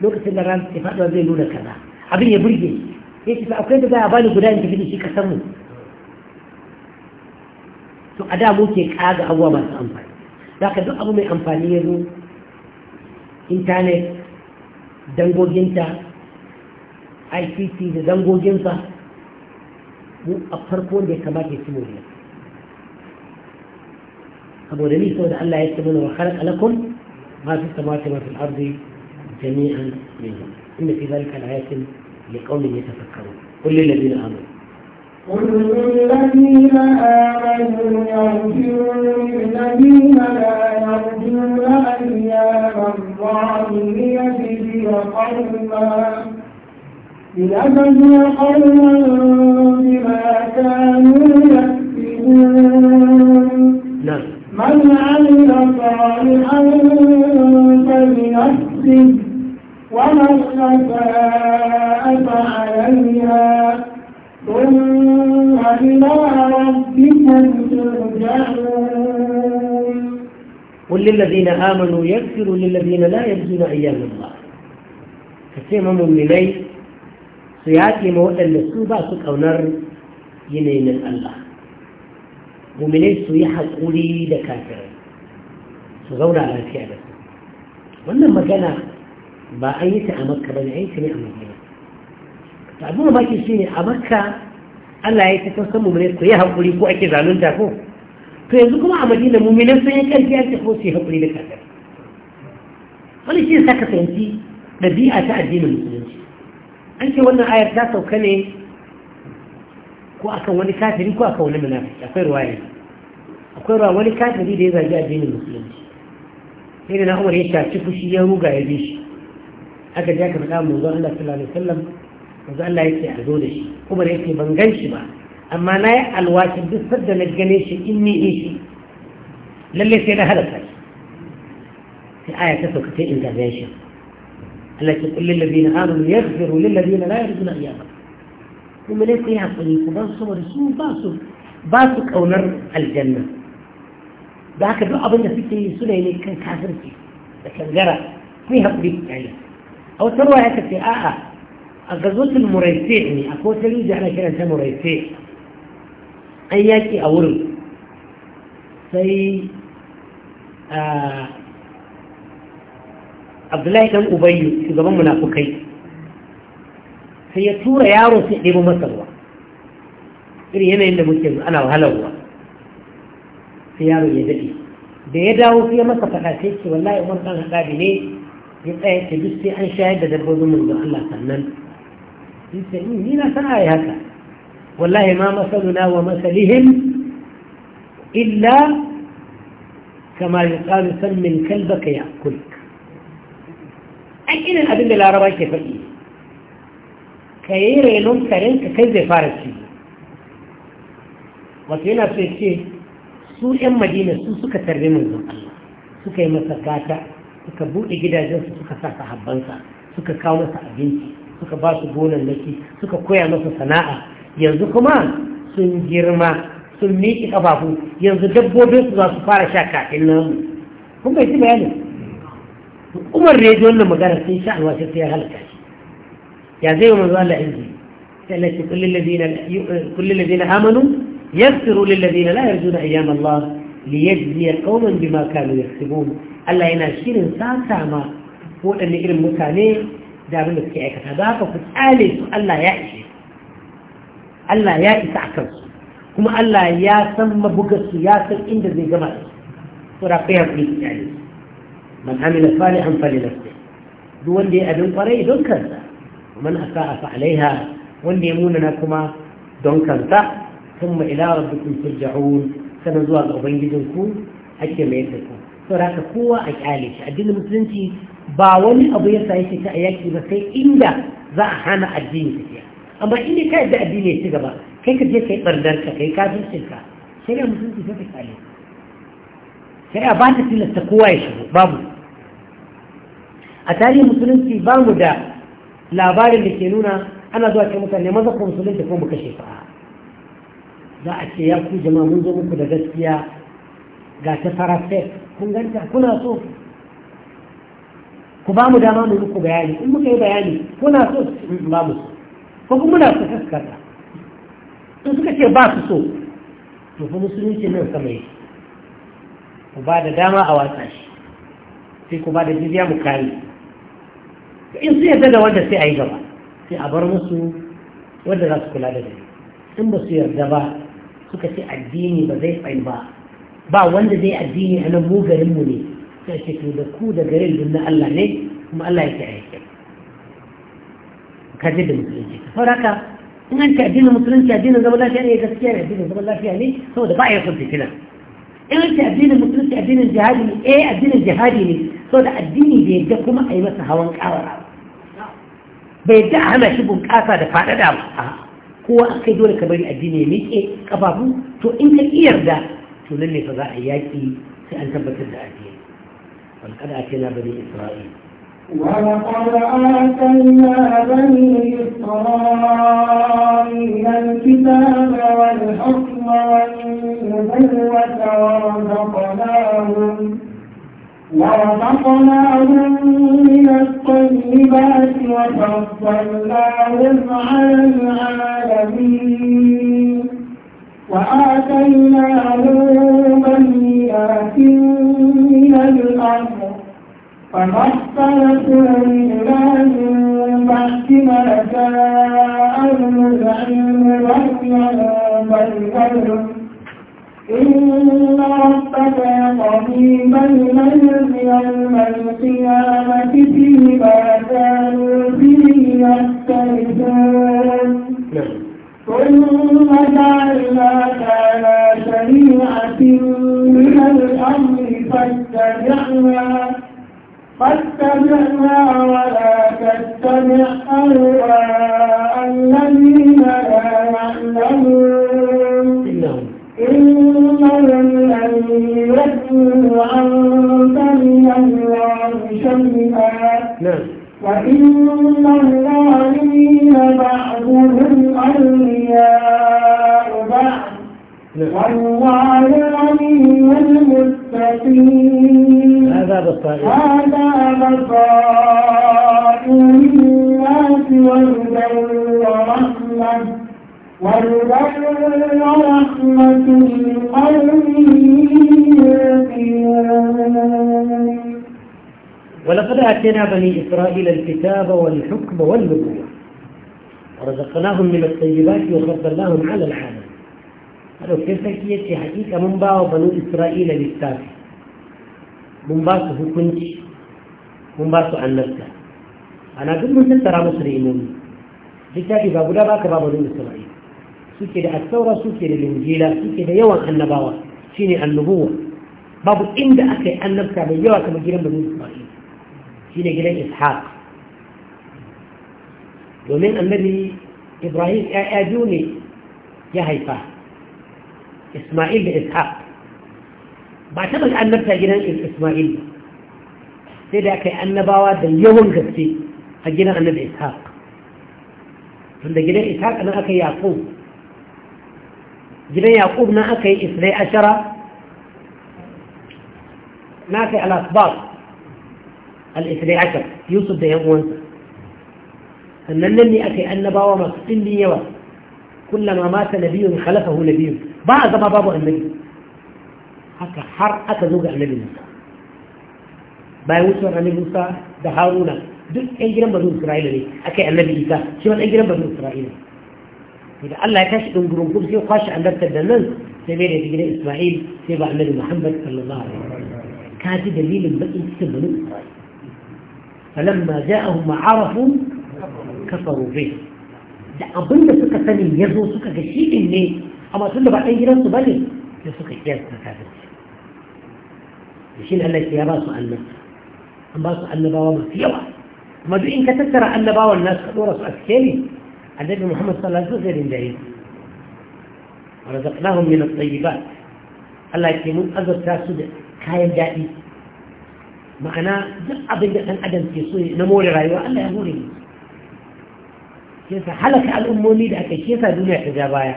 A: lokacin da rana ta faɗuwa zai nuna kaza abin ya burge ya ce akwai da za a bani guda in tafi da shi kasan mu to a da mu ke kaga abuwa masu amfani za ka duk abu mai amfani ya zo intanet dangoginta ict da dangoginsa mu a farko da ya kamata ya ci moriyar أبو دليل سود لا يكتبون وخلق لكم ما في السماوات وما في الأرض جميعا منهم إن في ذلك لآيات لقوم يتفكرون قل للذين آمنوا
B: قل للذين آمنوا يرجون للذين لا يرجون أيام الله ليجزي قوما ليجزي قوما بما كانوا يكسبون نعم صالحا ترجعون
A: قل للذين آمنوا يغفروا للذين لا يرجون أيام الله كثير من المؤمنين سياتي مودة للسوبة سكونر ينين الله muminai su yi haƙuri da kafirai su zauna lafiya da su wannan magana ba an yi ta a makka ba ne a yi ta ne a magana ta abin da baki shi ne a makka allah ya yi ta san muminai ku yi haƙuri ko ake zalunta ko to yanzu kuma a madina muminai sun yi ƙarfi ake ko su yi haƙuri da kafirai wani shi sa ka fahimci ɗabi'a ta addinin musulunci an ce wannan ayar ta sauka ne ko akan wani kafiri ko akan wani munafiki akwai ruwaya akwai ba wani kafiri da ya zagi addinin musulunci sai da na umar ya shafi fushi ya ruga ya bi shi aka ji aka faɗa mu zuwa Allah sallallahu alaihi wasallam yanzu Allah ya ce a zo da shi Umar da yake ban gan shi ba amma na yi alwashi duk sadda na gane shi in ni in shi lalle sai na halaka shi sai aya ta sauka ta intervention Allah ce kullin ladina amanu yaghfiru lil ladina la yarjuna iyama kuma ne sai hakuri ku ba su saboda su ba su ba su kaunar aljanna da haka duk abin da suke yi suna ne kan kafirci da kangara kun yi haƙuri yi a wata ruwa ya kace a'a a gazotin muraise ne a kowace rija ana kiran ta muraise an yaƙi a wurin sai abdullahi dan ubayyu shugaban munafukai sai ya tura yaro sai ɗebo masa ruwa irin yanayin da muke ana wahalar ruwa sai yaro ya daɗe da ya dawo fiye masa faɗa sai ce wallahi umar ɗan haɗabi ne ya tsaye ta duk sai an shayar da dabbobin da Allah sannan yace hmm, ni na san ayi haka wallahi ma masaluna wa masalihim illa kama yuqalu san min kalbaka ya'kulka
B: an irin abin da
A: laraba ke faɗi ka yi renon karen ka kai zai fara ci wato yana so ce su yan madina su suka tarbi manzon Allah suka yi masa gata suka buɗe gidajensu suka sa sahabbansa suka kawo masa abinci suka ba su gonannaki suka koya masa sana'a yanzu kuma sun girma sun miƙi ƙafafu yanzu su za su fara sha kafin nan kun bai ji bayani umar ne ji wannan magana sun sha alwashin sai ya halaka shi ya zai yi manzo Allah inji sai Allah ya ce da ladina amanu yassiru lil ladina la yarjuna ayyam Allah liyajzi qauman bima kanu yaksubun Allah yana shirin sata ma wadanne irin mutane da abin da suke aikata da haka ku tsale su Allah ya ishe Allah ya isa akan su kuma Allah ya san mabugarsu ya san inda zai gama da su sura kai hakuri tsale man Amina amila na falinafsi duk wanda ya abin kwarai don kansa man asa a alaiha wanda ya munana kuma don kansa ثم إلى ربكم ترجعون سنة زوا غبين جدنكم أكي ما يتكم سوراك قوة أكالي الدين المسلمين باوني أبو يسا يشتا أياكي بسي إلا ذا أحانا الدين تكيا أما إني كاد الدين يتكبا كي كد يكي بردرك كي كافر شلك شريع مسلمين تفتك عليه شريع باتت إلا التقوى يشبه بابو a tarihin musulunci ba mu da labarin da ke nuna ana zuwa ce mutane maza ko musulunci ko mu kashe su za a ce ya ku jama'a mun zo muku da gaskiya ga ta farafe kun ganta kuna so ku ba mu dama mu muku bayani in muka yi bayani kuna so mm, ba mu so ko kuma muna so kaskata in suka ce ba su so to fa musulunci nan sama yi ku ba da dama a watsa shi sai ku ba da jirgin mu kare in su yarda da wanda sai a yi gaba sai a bar musu wanda za su kula da dare in ba su yarda ba suka ce addini ba zai tsayi ba ba wanda zai addini a nan mu garinmu ne sai ce to da ku da garin dun na Allah ne kuma Allah ya yake aiki ka ji da musulunci saboda haka in an ce addinin musulunci addinin zaman lafiya ne gaskiya ne addinin zaman lafiya ne saboda ba a yi son fina in an ce addinin musulunci addinin jihadi ne eh addinin jihadi ne saboda addini bai yadda kuma a yi masa hawan kawara ba yadda a hana shi bunƙasa da faɗaɗa ba kowa a kai dole ka bari addini ya miƙe ƙafafu to in ka yarda to lalle fa za a yaƙi sai an tabbatar da addini wal qad atayna bani isra'il
B: ولقد آتينا بني إسرائيل الكتاب والحكم والنبوة ورزقناهم ورزقناهم من الطيبات وفضلناهم على العالمين وآتيناهم بنيات من الأرض فما اختلفوا إلا من بعد ما جاءهم العلم بغيا بينهم إن ربك يقضي بينهم يوم فيما كانوا فيه يختلفون نعم. ثم جعلناك على شريعة من الأمر فاتبعها ولا تتبع أهواءهم
A: الكتاب والحكم والنبوة ورزقناهم من الطيبات وفضلناهم على العالم قالوا كيف كيف حقيقة من باو بنو إسرائيل للتابع من باو كنت من باو أن نبدا أنا أقول من سنترى مصري إمومي لكتابي بابو لباك بابو بنو إسرائيل سكر الثورة سكر الإنجيلة سكر يوم النبوة سيني النبوة بابو إن دأتي أن نبدا من يوم النبوة من إسرائيل سيني قلت إسحاق ومن النبي إبراهيم أجوني يا هيفا إسماعيل بإسحاق بعتبر أن نبتاجنا إسماعيل سيداك كأن نباواد اليوم قبسي أجنا أن نبي إسحاق فإن جنا إسحاق أنا أكي يعقوب جنا يعقوب نأكي إسري أشرة نأكي على أصبار الإسري أشرة يوسف ده يوم وانسر sannan nan ne aka yi annabawa masu ɗimbin yawa kullama mata nabiyun khalafahu nabiyun ba a zama babu annabi haka har aka zo ga annabi Musa bayan wucewar annabi Musa da Haruna duk ɗan gidan bazin Isra'ila ne aka yi annabi Isa shi ma ɗan gidan bazin Isra'ila إذا الله يكاش انقرون قبس يقاش عن ذلك الدنان سبيل يتجري إسرائيل سيبع النبي محمد صلى الله عليه وسلم كانت دليل بقي تسمى إسرائيل فلما جاءهم عرفوا kafaru bai da abinda suka sani ya zo suka ga shi din ne amma tun da ba ɗan gidansu ba ne ya suka kiyasta kafirci da shi Allah ya ba su annabta an ba su annabawa masu yawa amma duk in ka tattara annabawan nasu ka ɗora su a sikeli annabi Muhammad sallallahu alaihi wasallam da yi razaqnahum min at-tayyibat Allah ke mun azurta su da kayan daɗi ma'ana duk abin da ɗan adam ke so na more rayuwa Allah ya hore mu sai halaka al'ummomi da aka kesa duniya ta ja baya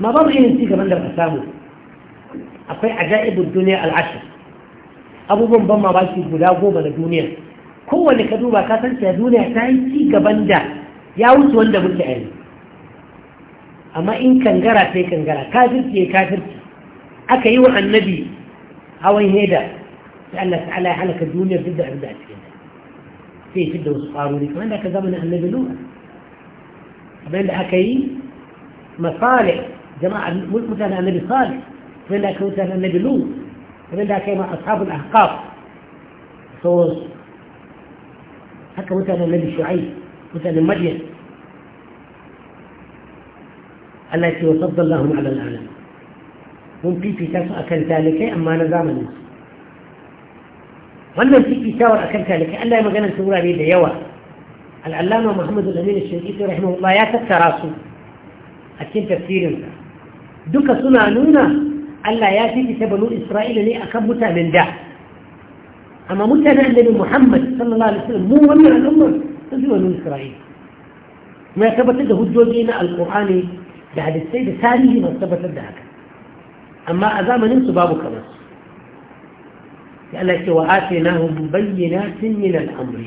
A: ma babu irin ci gaban da ba samu akwai ajaibin duniya al'ashi abubuwan ban mamaki guda goma na duniya kowane ka duba ka san cewa duniya ta yi ci gaban da ya wuce wanda muke a amma in kangara sai kangara kafirci ya kafirci aka yi wa annabi hawan heda sai Allah ta'ala ya halaka duniyar duk da abin a cikin sai ya fi da wasu ƙwarori kamar da aka zama na annabi lura بين الحكيم مصالح جماعة مثلا النبي صالح بين حكي مثلا النبي لوط بين حكي مع أصحاب الأحقاف صوص حكى مثلا النبي شعيب مثلا المدين التي وصد اللهم على العالم ممكن في كتاب أكل ذلك أما أنا زامن الناس في كتاب أكل ذلك ألا يمكن أن تقول عليه da العلامة محمد الأمين الشنقيطي رحمه الله يا تتراسو أكين تفسيرنا دوكا سنة نونا ألا ياتي تبنو إسرائيل لي أكبتا من ده أما متنا النبي محمد صلى الله عليه وسلم مو ومن الأمة تزوى إسرائيل ما ثبت له الجوجين القرآن بعد السيد ثانيه ما ثبت له أما أزام ننسو بابو كمس لأن الله وآتيناهم بينات من الأمر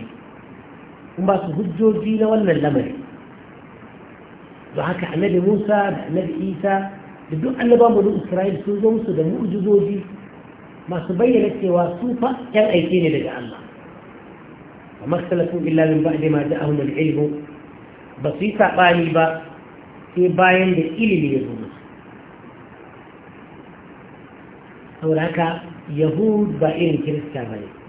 A: in ba su hujjoji na wannan lamari da haka annabi musa da annabi isa da duk annaban bani isra'il sun zo musu da mu'jizoji masu bayyana cewa su fa yan aike ne daga allah amma salatu illa min ba'di ma ja'ahum al-ilm ba su yi saɓani ba sai bayan da ilimi ya zo musu saboda haka yahud ba irin kirista ba ne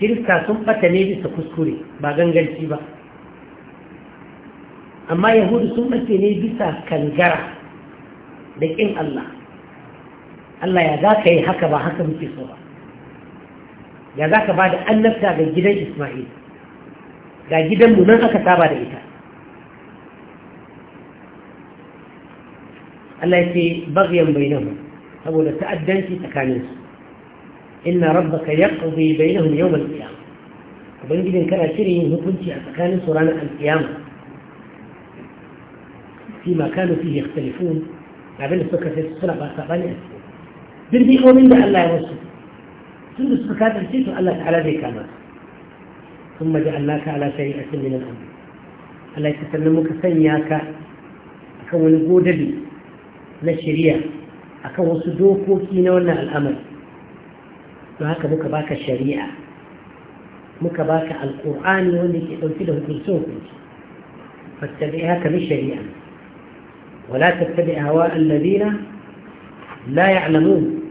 A: kirista sun bata ne bisa kuskure ba ganganci ba amma yahudu sun mace ne bisa kangara da ƙin Allah Allah ya za ka yi haka ba haka muke so ba ya za ka ba da annabta ga gidan Ismail ga gidanmu nan aka saba da ita Allah ya ce bagiyan bainahu saboda ta'addanci tsakaninsu إن ربك يقضي بينهم يوم القيامة وبنجد كان شرهم كنت أتكان سرانا القيامة فيما كانوا فيه يختلفون لابن السكة في السنة بأسابان بالبي قومين الله يوصف ثم السكة تنسيت ألا تعالى ذي كما ثم جعلناك على شيئة من الأمر ألا يتسلمك سنياك أكون قودبي na أكون akan wasu dokoki الأمر don haka muka baka shari'a muka baka alƙur'ani wanda ke ɗauki da hukunci hukunci fattabi'a ka bi shari'a wala tattabi'a hawa allazina la ya'lamun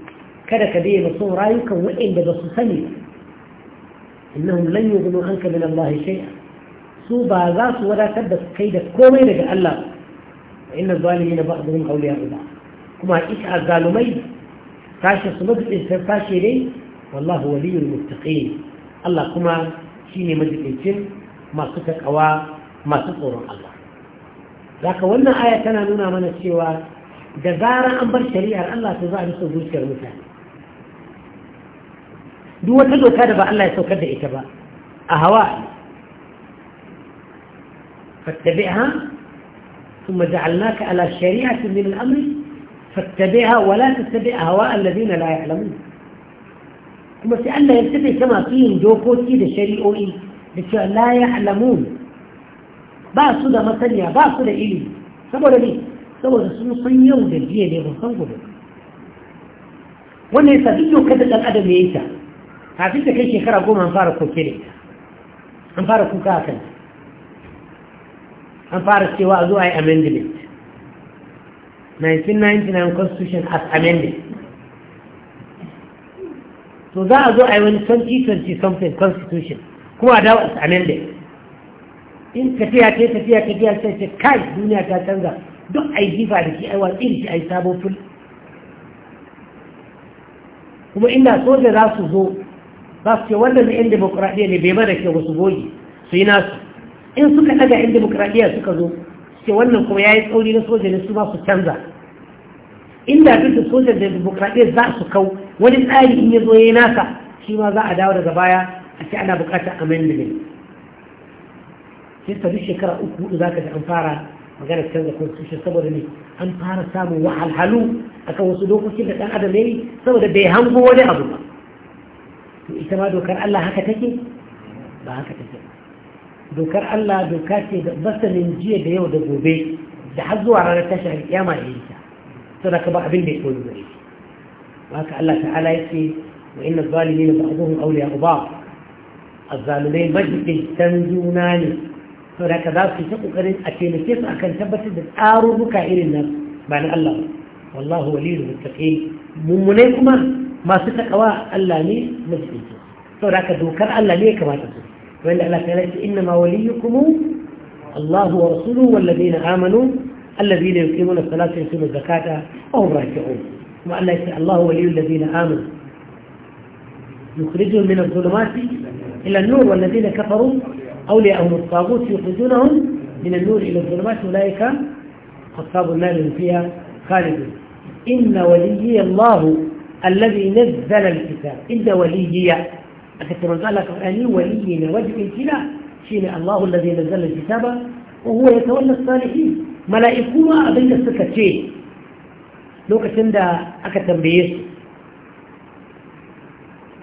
A: kada ka bi masu rayukan waɗanda ba su sani innahum lan yughnu anka min Allah shay'a su ba za su wadatar da kai da komai daga Allah wa inna zalimin ba'dhum awliya'u ba'd kuma hakika azzalumai tashi su mutu sai tashi dai والله ولي المتقين الله كما شيني مجدئين ما ستك أوا ما تطور الله ذاك وانا آية كان لنا من السوى جزارة أمبر شريعة الله تزعل سوزوش كالمثال دو تدو كادبا الله يسو كده إتبا أهواء فاتبعها ثم جعلناك على شريعة من الأمر فاتبعها ولا تتبع أهواء الذين لا يعلمون kuma sai Allah ya tafi ta masu yin dokoki da shari'o'i da cewa la ya alamu ba su da masaniya ba su da ilimi saboda ne saboda sun san yau da jiya ne ban san gobe wannan yasa duk dokar da adam ya yi ta kafin ta kai shekara goma an fara koke da ita an fara kuka a kan an fara cewa a zo a yi amendment 1999 constitution as amended to za a zo a yi wani 2020 something constitution kuma da wasu amendment in tafiya ta tafiya tafiya sai ce kai duniya ta canza duk a yi jifa da shi a yi watsi da shi a yi sabon fil kuma inda soja za su zo za su ce wannan na 'yan demokuraɗiyya ne bai mara ke wasu goyi su yi nasu in suka ɗaga 'yan demokuraɗiyya suka zo su ce wannan kuma ya yi tsauri na soja ne su ba su canza inda duk da sojan da demokuraɗiyya za su kau wani tsari in ya zo ya nasa shi ma za a dawo daga baya a ce ana bukatar amendment sai ta duk shekara uku hudu za ka ji an fara magana canza constitution saboda ne an fara samun wahalhalu a kan wasu dokokin da dan adam yayi saboda bai hango wani abu ba to ita ma dokar Allah haka take ba haka take dokar Allah doka ce da basanin jiya da yau da gobe da har zuwa ranar tashin kiyama yayi ta saboda ka ba abin da ya koyo gare shi haka Allah ta'ala yake wa inna zalimin ba'dhum awliya ba'd azzalimai majidin juna ne to da ka za su yi ta kokarin a taimake su akan tabbatar da tsarurruka irin nan ba na Allah wallahu waliyul muttaqin mummunai kuma masu takawa Allah ne majidin to da ka dokar Allah ne kamata su wanda Allah ta'ala yake inna ma waliyukum الله ورسوله والذين آمنوا الذين يقيمون الصلاة ويؤتون الزكاة وهم راكعون وأن Allah الله ولي الذين آمنوا يخرجهم من الظلمات إلى النور والذين كفروا أولياءهم الطاغوت يخرجونهم من النور إلى الظلمات أولئك أصحاب النار هم فيها خالدون إن وليي الله الذي نزل الكتاب إن وليي أكثر من قال أني ولي وجه كلا شين الله الذي نزل الكتاب وهو يتولى الصالحين ملائكوما أبين السكتين lokacin دا أكا tambaye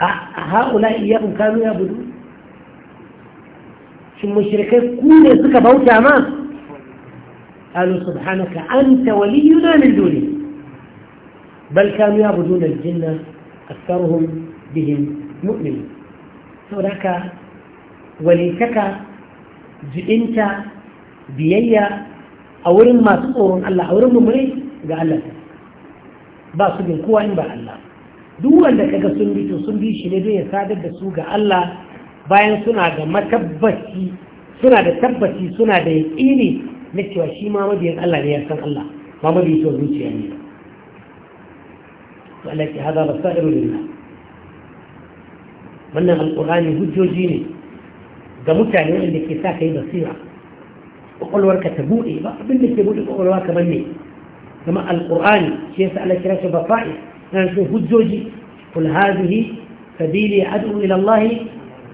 A: أه، هؤلاء a كانوا يعبدون kanu ya كون يزكى mushrikai ku قالوا سبحانك أنت ولينا من دونه بل كانوا يعبدون الجن أكثرهم بهم مؤمنين سوراك وليتك جئنت بيي أورم ما تقورون الله أورم مريد قال الله ba su bin kowa in ba Allah duk wanda kaga sun bi to sun bi shi ne don ya sadar da su ga Allah bayan suna da matabbaci suna da tabbaci suna da yaƙini na cewa shi ma mabiyan Allah ne ya san Allah ma mabiyi to zuciya ne ba Allah ya hada basairu lillah wannan alqur'ani hujjoji ne ga mutane wanda ke sa ka yi basira kwakwalwarka ta buɗe ba abin da ke buɗe ƙwaƙwalwa kamar ne كما القرآن شيء سأل كراش بصائر نحن هجوجي قل هذه سبيلي أدعو إلى الله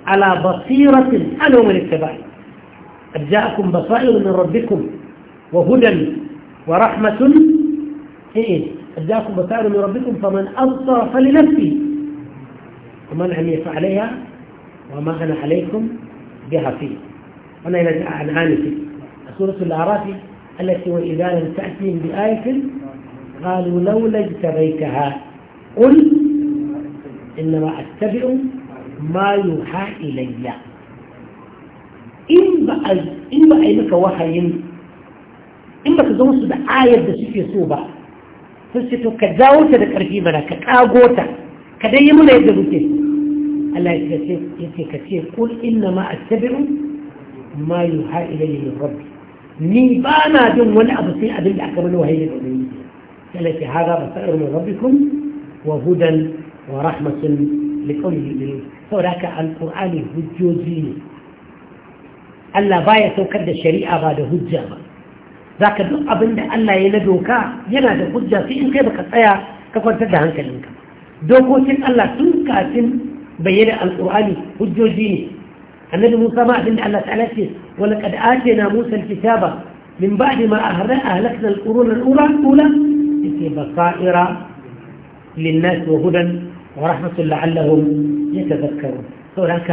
A: على بصيرة أنا ومن اتبعني قد جاءكم بصائر من ربكم وهدى ورحمة إيه قد جاءكم بصائر من ربكم فمن أبصر فلنفسه ومن عمي فعليها وما أنا عليكم بها فيه أنا إلى الآن في سورة الأعراف التي وإذا لم تأتهم بآية قالوا لولا اجتبيتها قل إنما أتبع ما يوحى إلي in ba a yi maka wahayin in ba ka zo musu da ayar da suke so ba sun ce to ka dawo ta da ƙarfi mana ka ƙago ta ka dai mana yadda ka ce ma ma ilayya ni ba na jin wani abu sai abin da aka mana wahayi da ubangiji ya ce haza basair min rabbikum wa hudan wa rahmatun liqawmin yu'minun saboda haka alqur'ani hujjoji ne Allah baya saukar da shari'a ba da hujja ba ka duk abin da Allah ya na doka yana da hujja sai in kai baka tsaya ka kwantar da hankalinka dokokin Allah tun kafin bayyana alƙurani hujjoji ne annabi Musa ma abin da Allah ta'ala ce ولقد آتينا موسى الكتاب من بعد ما أهلكنا القرون الأولى الأولى بصائر للناس وهدى ورحمة لعلهم يتذكرون هناك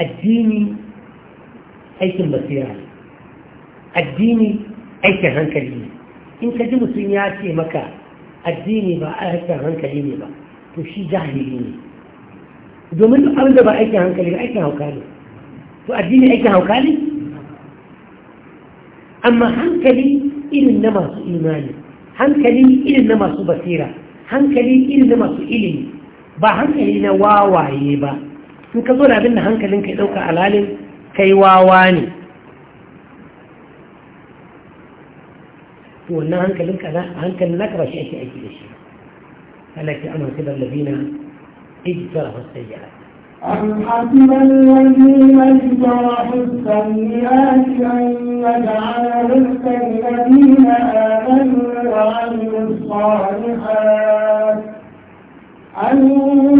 A: الدين اي بصيرة الدين أيك هنكليني إن كجم سنياتي مكة الدين با أيك هنكليني با تشي جاهليني domin abin da ba aikin hankali ba aikin hauka ne amma hankali irin na masu imani hankali irin na masu basira hankali irin na masu ilimi ba hankali na wawaye ba in ka zo da abin da hankalin ka ɗauka alalin kai wawa ne wannan hankalin ka hankalin naka ba aiki da shi Allah ya
B: ce أم حسب الذين اجترحوا السيئات أن يجعل رزق الذين آمنوا وعملوا الصالحات أن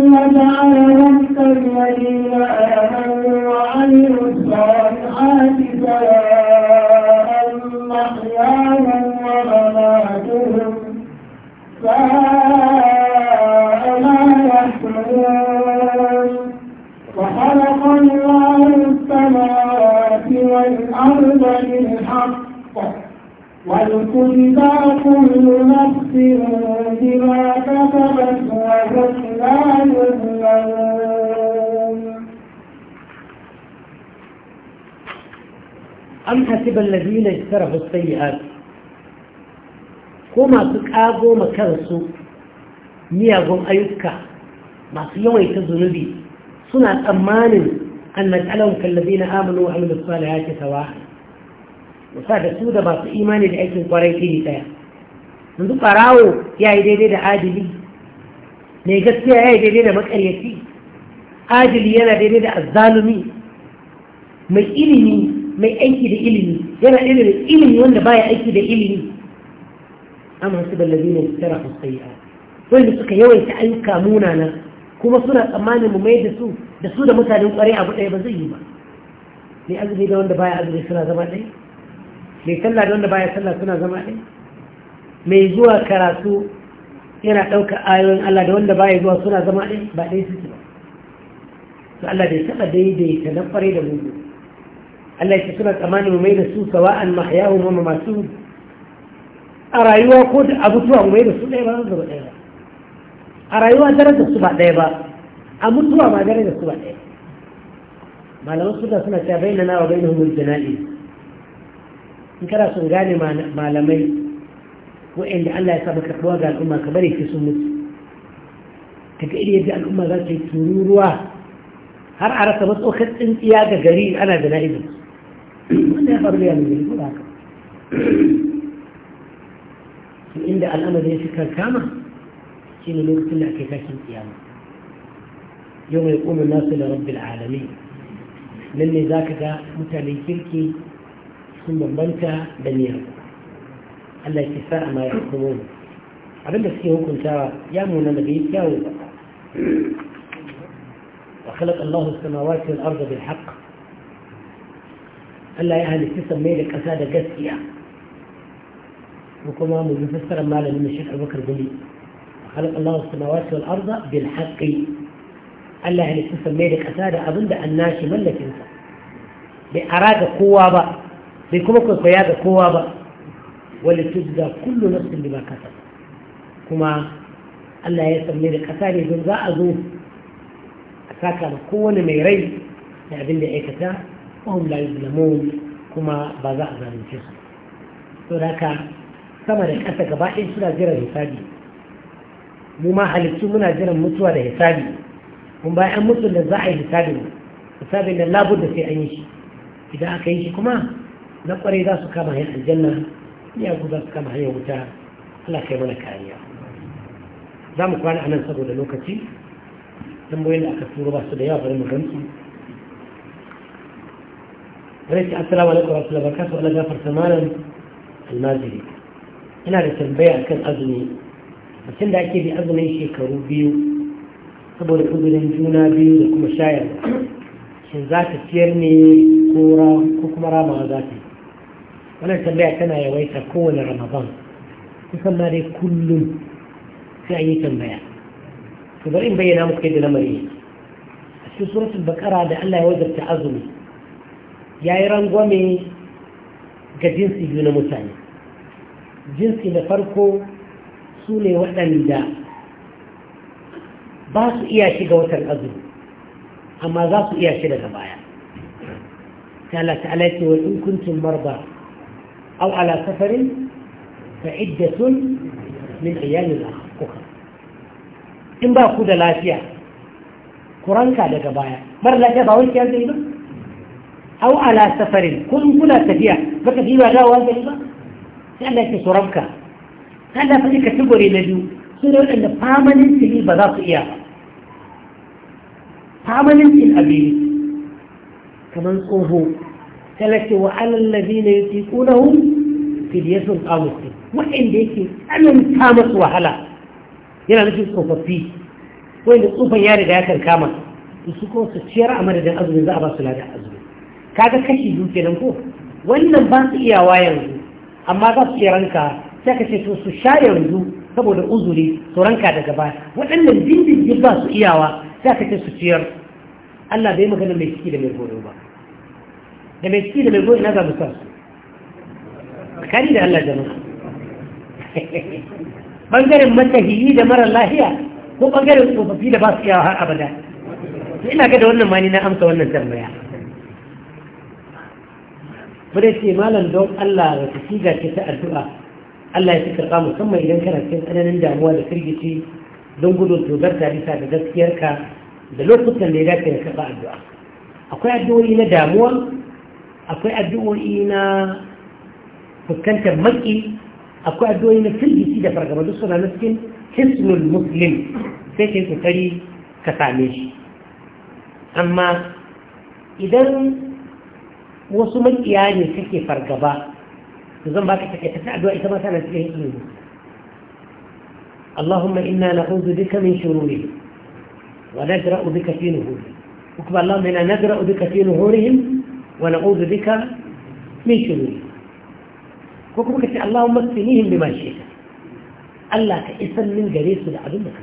B: يجعل رزق الذين آمنوا وعملوا الصالحات سواء محياهم ومماتهم
A: اقترف السيئات ko masu ƙago makansu miyagun ayyuka masu yawaita zunubi suna tsammanin an naj'alahum kallazina amanu wa amilus salihati sawa wasa da su da masu imani da aikin kwarai iri daya yanzu barawo ya yi daidai da adili mai gaskiya ya yi daidai da makaryaci adili yana daidai da azalumi. mai ilimi mai aiki da ilimi yana irin ilimi wanda baya aiki da ilimi amma su ballazi ne tara a wani suka yawaita ayyuka munana kuma suna tsammanin mu mai da su da su da mutanen kwarai abu ɗaya ba zai yi ba ne azumi da wanda baya azumi suna zama ɗaya mai sallah da wanda baya sallah suna zama ɗaya mai zuwa karatu yana ɗaukar ayoyin Allah da wanda baya zuwa suna zama ɗaya ba ɗaya su ba to Allah bai taɓa daidaita na kwarai da mugu Allah ya suna tsammanin mu mai da su sawa'an mahyahu wa mamatu a rayuwa ko da abutuwa mu mai da su ɗaya ba zama ɗaya ba a rayuwa daraja su ba ɗaya ba a mutuwa ma daraja su ba ɗaya malaman suna suna ta bayyana na wa na humul jana'i in kana sun gane malamai wa'anda Allah ya saba maka ga al'umma kamar bari ki sun mutu kaga iri yadda al'umma za ta yi tururuwa har a rasa matsokar tsintsiya ga gari ana da na'izin من يقبل يمين يقول هكذا عند الأمر ذي فكر كامة شين يقول كل اعتكاس القيامة يوم يقوم الناس لرب العالمين من ذاك ذا متعلي تلكي ثم بنتا بني ألا اتفاء ما يحكمون عبد الله سيه كنت يا من النبي كاو وخلق الله السماوات والأرض بالحق Allah ya halitta sammai da ƙasa da gaskiya ko kuma mu bi fassarar malamin mu Sheikh Abubakar Gumi خلق الله السماوات والأرض بالحق Allah ya halitta sammai da ƙasa da abin da an nashi mallakinsa bai ara ga kowa ba bai kuma kwaikwaya ga kowa ba wani tuzga kullu nafsin bima kasab kuma Allah ya sammai da ƙasa ne don za a zo a saka da kowane mai rai da abin da aikata wahum la yuzlamun kuma ba za a zalunce su to da ka sama da ƙasa gaba ɗin suna jiran hisabi mu ma halittu muna jiran mutuwa da hisabi kun ba yan mutum da za a yi hisabin hisabin da labur da sai an yi shi idan aka yi shi kuma na ƙwarai za su kama hanyar aljanna miyagu za su kama hanyar wuta Allah kai mana kariya za mu kwana a nan saboda lokaci tambayoyin da aka turo ba su da yawa bari mu gamsu zai ce na alaikum wa rahmatullahi wa barakatuh Allah gafarta malam almajiri ina da tambaya akan azumi mutum da ake bi azumin shekaru biyu saboda uzurin juna biyu da kuma shayar shin za ta ciyar ne ko kuma ramawa za ta yi wannan tambaya tana yawaita kowane ramadan kusan ma dai kullum sai an yi tambaya to bari in bayyana muku da lamari. a cikin bakara da Allah ya wajabta azumi ya yi rangwame ga jinsi biyu na mutane jinsi na farko su ne waɗanda ba su iya shiga watan azumi amma za su iya shi daga baya kala ta alaƙi wa in kuntum marba au ala safarin fa iddatun min a ukhra in ba ku da lafiya ku ranka daga baya mara lafiya ba wani kyan zai ba au ala safarin kun kuna tafiya baka fi ba dawowa gari ba sai Allah ya ce surabka Allah fa ka na biyu su ne waɗanda permanently ba za su iya ba permanently abili kamar tsoho talaka wa alal ladina yutiqunahu fidyatun qamus waɗanda yake tsananta masu wahala yana nufin tsofaffi wanda tsufan ya riga ya kankama su kuma su ciyar a madadin za a ba su kaga kashi biyu kenan ko wannan ba su iyawa yanzu amma za su iya ranka sai ka ce su sha yanzu saboda uzuri su ranka daga baya waɗannan dindindin ba su iyawa sai ka ce su ciyar Allah bai magana mai ciki da mai goyo ba da mai ciki da mai goyo na za mu sa su kari da Allah jama'a bangaren *laughs* matahiyi da mara lahiya ko bangaren tsofaffi da ba su iyawa har abada ina ga da wannan mani na amsa wannan tambaya bare ce malam don Allah ka shiga ce ta addu'a Allah ya fi karɓa musamman idan kana cikin tsananin damuwa da firgici don gudun togarta bisa da gaskiyarka da lokutan da ya dace da karɓa addu'a akwai addu'o'i na damuwa akwai addu'o'i na fuskantar maki akwai addu'o'i na firgici da fargaba duk suna na cikin hisnul muslim sai ka yi kokari ka same shi amma idan wasu makiya ne suke fargaba to zan baka take ta addu'a ita ma tana cikin ilimi اللهم إنا نعوذ بك من شرورهم ونجرأ بك في نهورهم وكما اللهم إنا نجرأ بك في نهورهم ونعوذ بك من شرورهم وكما كتب اللهم اكفنيهم بما شئت Allah ka isan min gare su da abin ka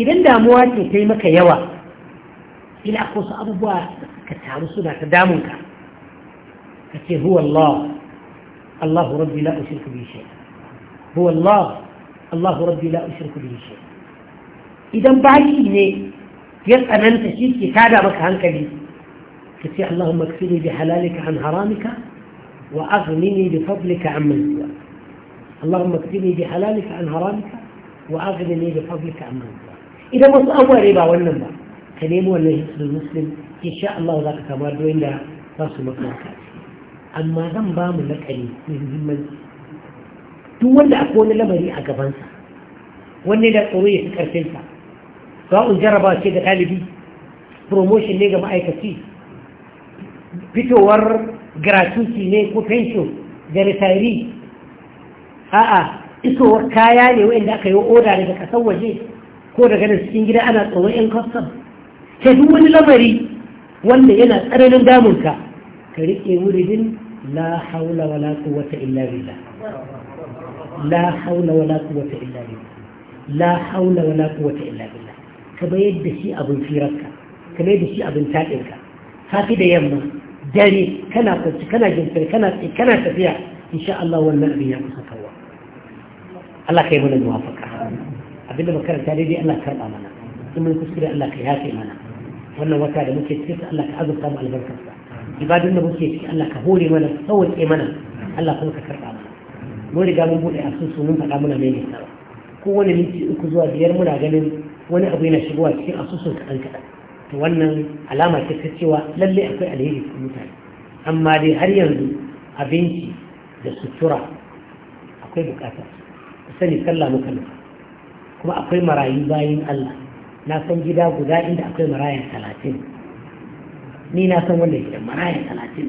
A: idan damuwa ce ta yi maka yawa ila ko abubuwa كتاب السنة تدامك فتي هو الله الله ربي لا أشرك به شيء هو الله الله ربي لا أشرك به شيء إذا بعيني يبقى من تشير كتابة عن كبير فتي اللهم اكفني بحلالك عن حرامك وأغنني بفضلك عن من سواك اللهم اكفني بحلالك عن حرامك وأغنني بفضلك عن من سواك إذا مصأوى ربا والنبا كلمه النهي المسلم insha Allah za ka kama doyin da za su makaranta. amma zan ba mu nakali mai muhimmanci duk wanda akwai wani lamari a gabansa wanne da tsoro ya fi karfinsa sa'un jaraba ce ga ɗalibi promotion ne ga ma'aikaci fitowar gratuity ne ko pension da retiree a'a isowar kaya ne wa'inda aka yi oda daga ƙasar waje ko daga cikin gida ana tsoron 'yan custom Ta duk wani lamari wanda yana tsananin damunka ka riƙe muridin la haula wa la quwwata illa billah la haula wa la quwwata illa billah la haula wa la quwwata illa billah ka bayar da shi abin firarka ka bayar da shi abin taɗinka safi da yamma dare kana kwanci kana jinkir kana kana tafiya insha Allah wannan abin ya kusa kawwa Allah mana muwafaka abinda makaranta daidai Allah karɓa mana in mun kuskure Allah yafe mana wannan wata da muke cikin Allah ka azurta mu albarkarsa ibadun da muke ciki Allah ka hore mana sauke mana Allah kuma ka karɓa mana mun riga mun buɗe asusu mun faɗa muna mai nisa ko wani minti uku zuwa biyar muna ganin wani abu yana shigowa cikin asusun kaɗan kaɗan to wannan alama ce ta cewa lalle akwai alheri cikin mutane amma dai har yanzu abinci da sutura akwai bukata ku sani sallah muka kuma akwai marayu bayan Allah na san gida guda inda akwai marayan talatin ni na san wanda gidan marayan talatin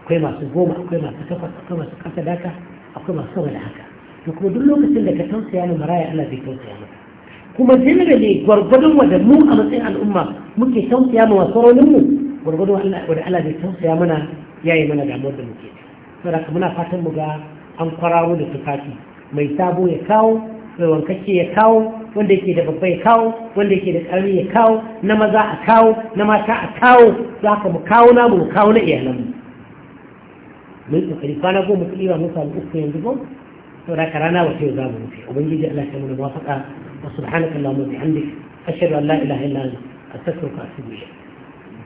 A: akwai masu goma akwai masu kafa, akwai masu kasa daka akwai masu sama da haka to kuma duk lokacin da ka tausaya ni maraya Allah zai tausaya maka kuma generally gwargwadon wanda mu a matsayin al'umma muke tausaya ma masaraunin mu gwargwadon wanda Allah zai tausaya mana yayi mana damuwar da muke saboda haka muna fatan mu ga an kwararo da tufafi mai sabo ya kawo mai wankake ya kawo wanda yake da babba ya kawo wanda yake da ƙarni ya kawo na maza a kawo na mata a kawo za ka mu kawo na mu kawo na iyalanmu mun kokari kwana goma su ba mun samu uku yanzu ba, sau da ka rana wata yau za mu rufe ubangiji Allah ya mu muwafaqa wa subhanaka allahumma wa bihamdik ashhadu an la ilaha illa anta astaghfiruka wa atubu ilayk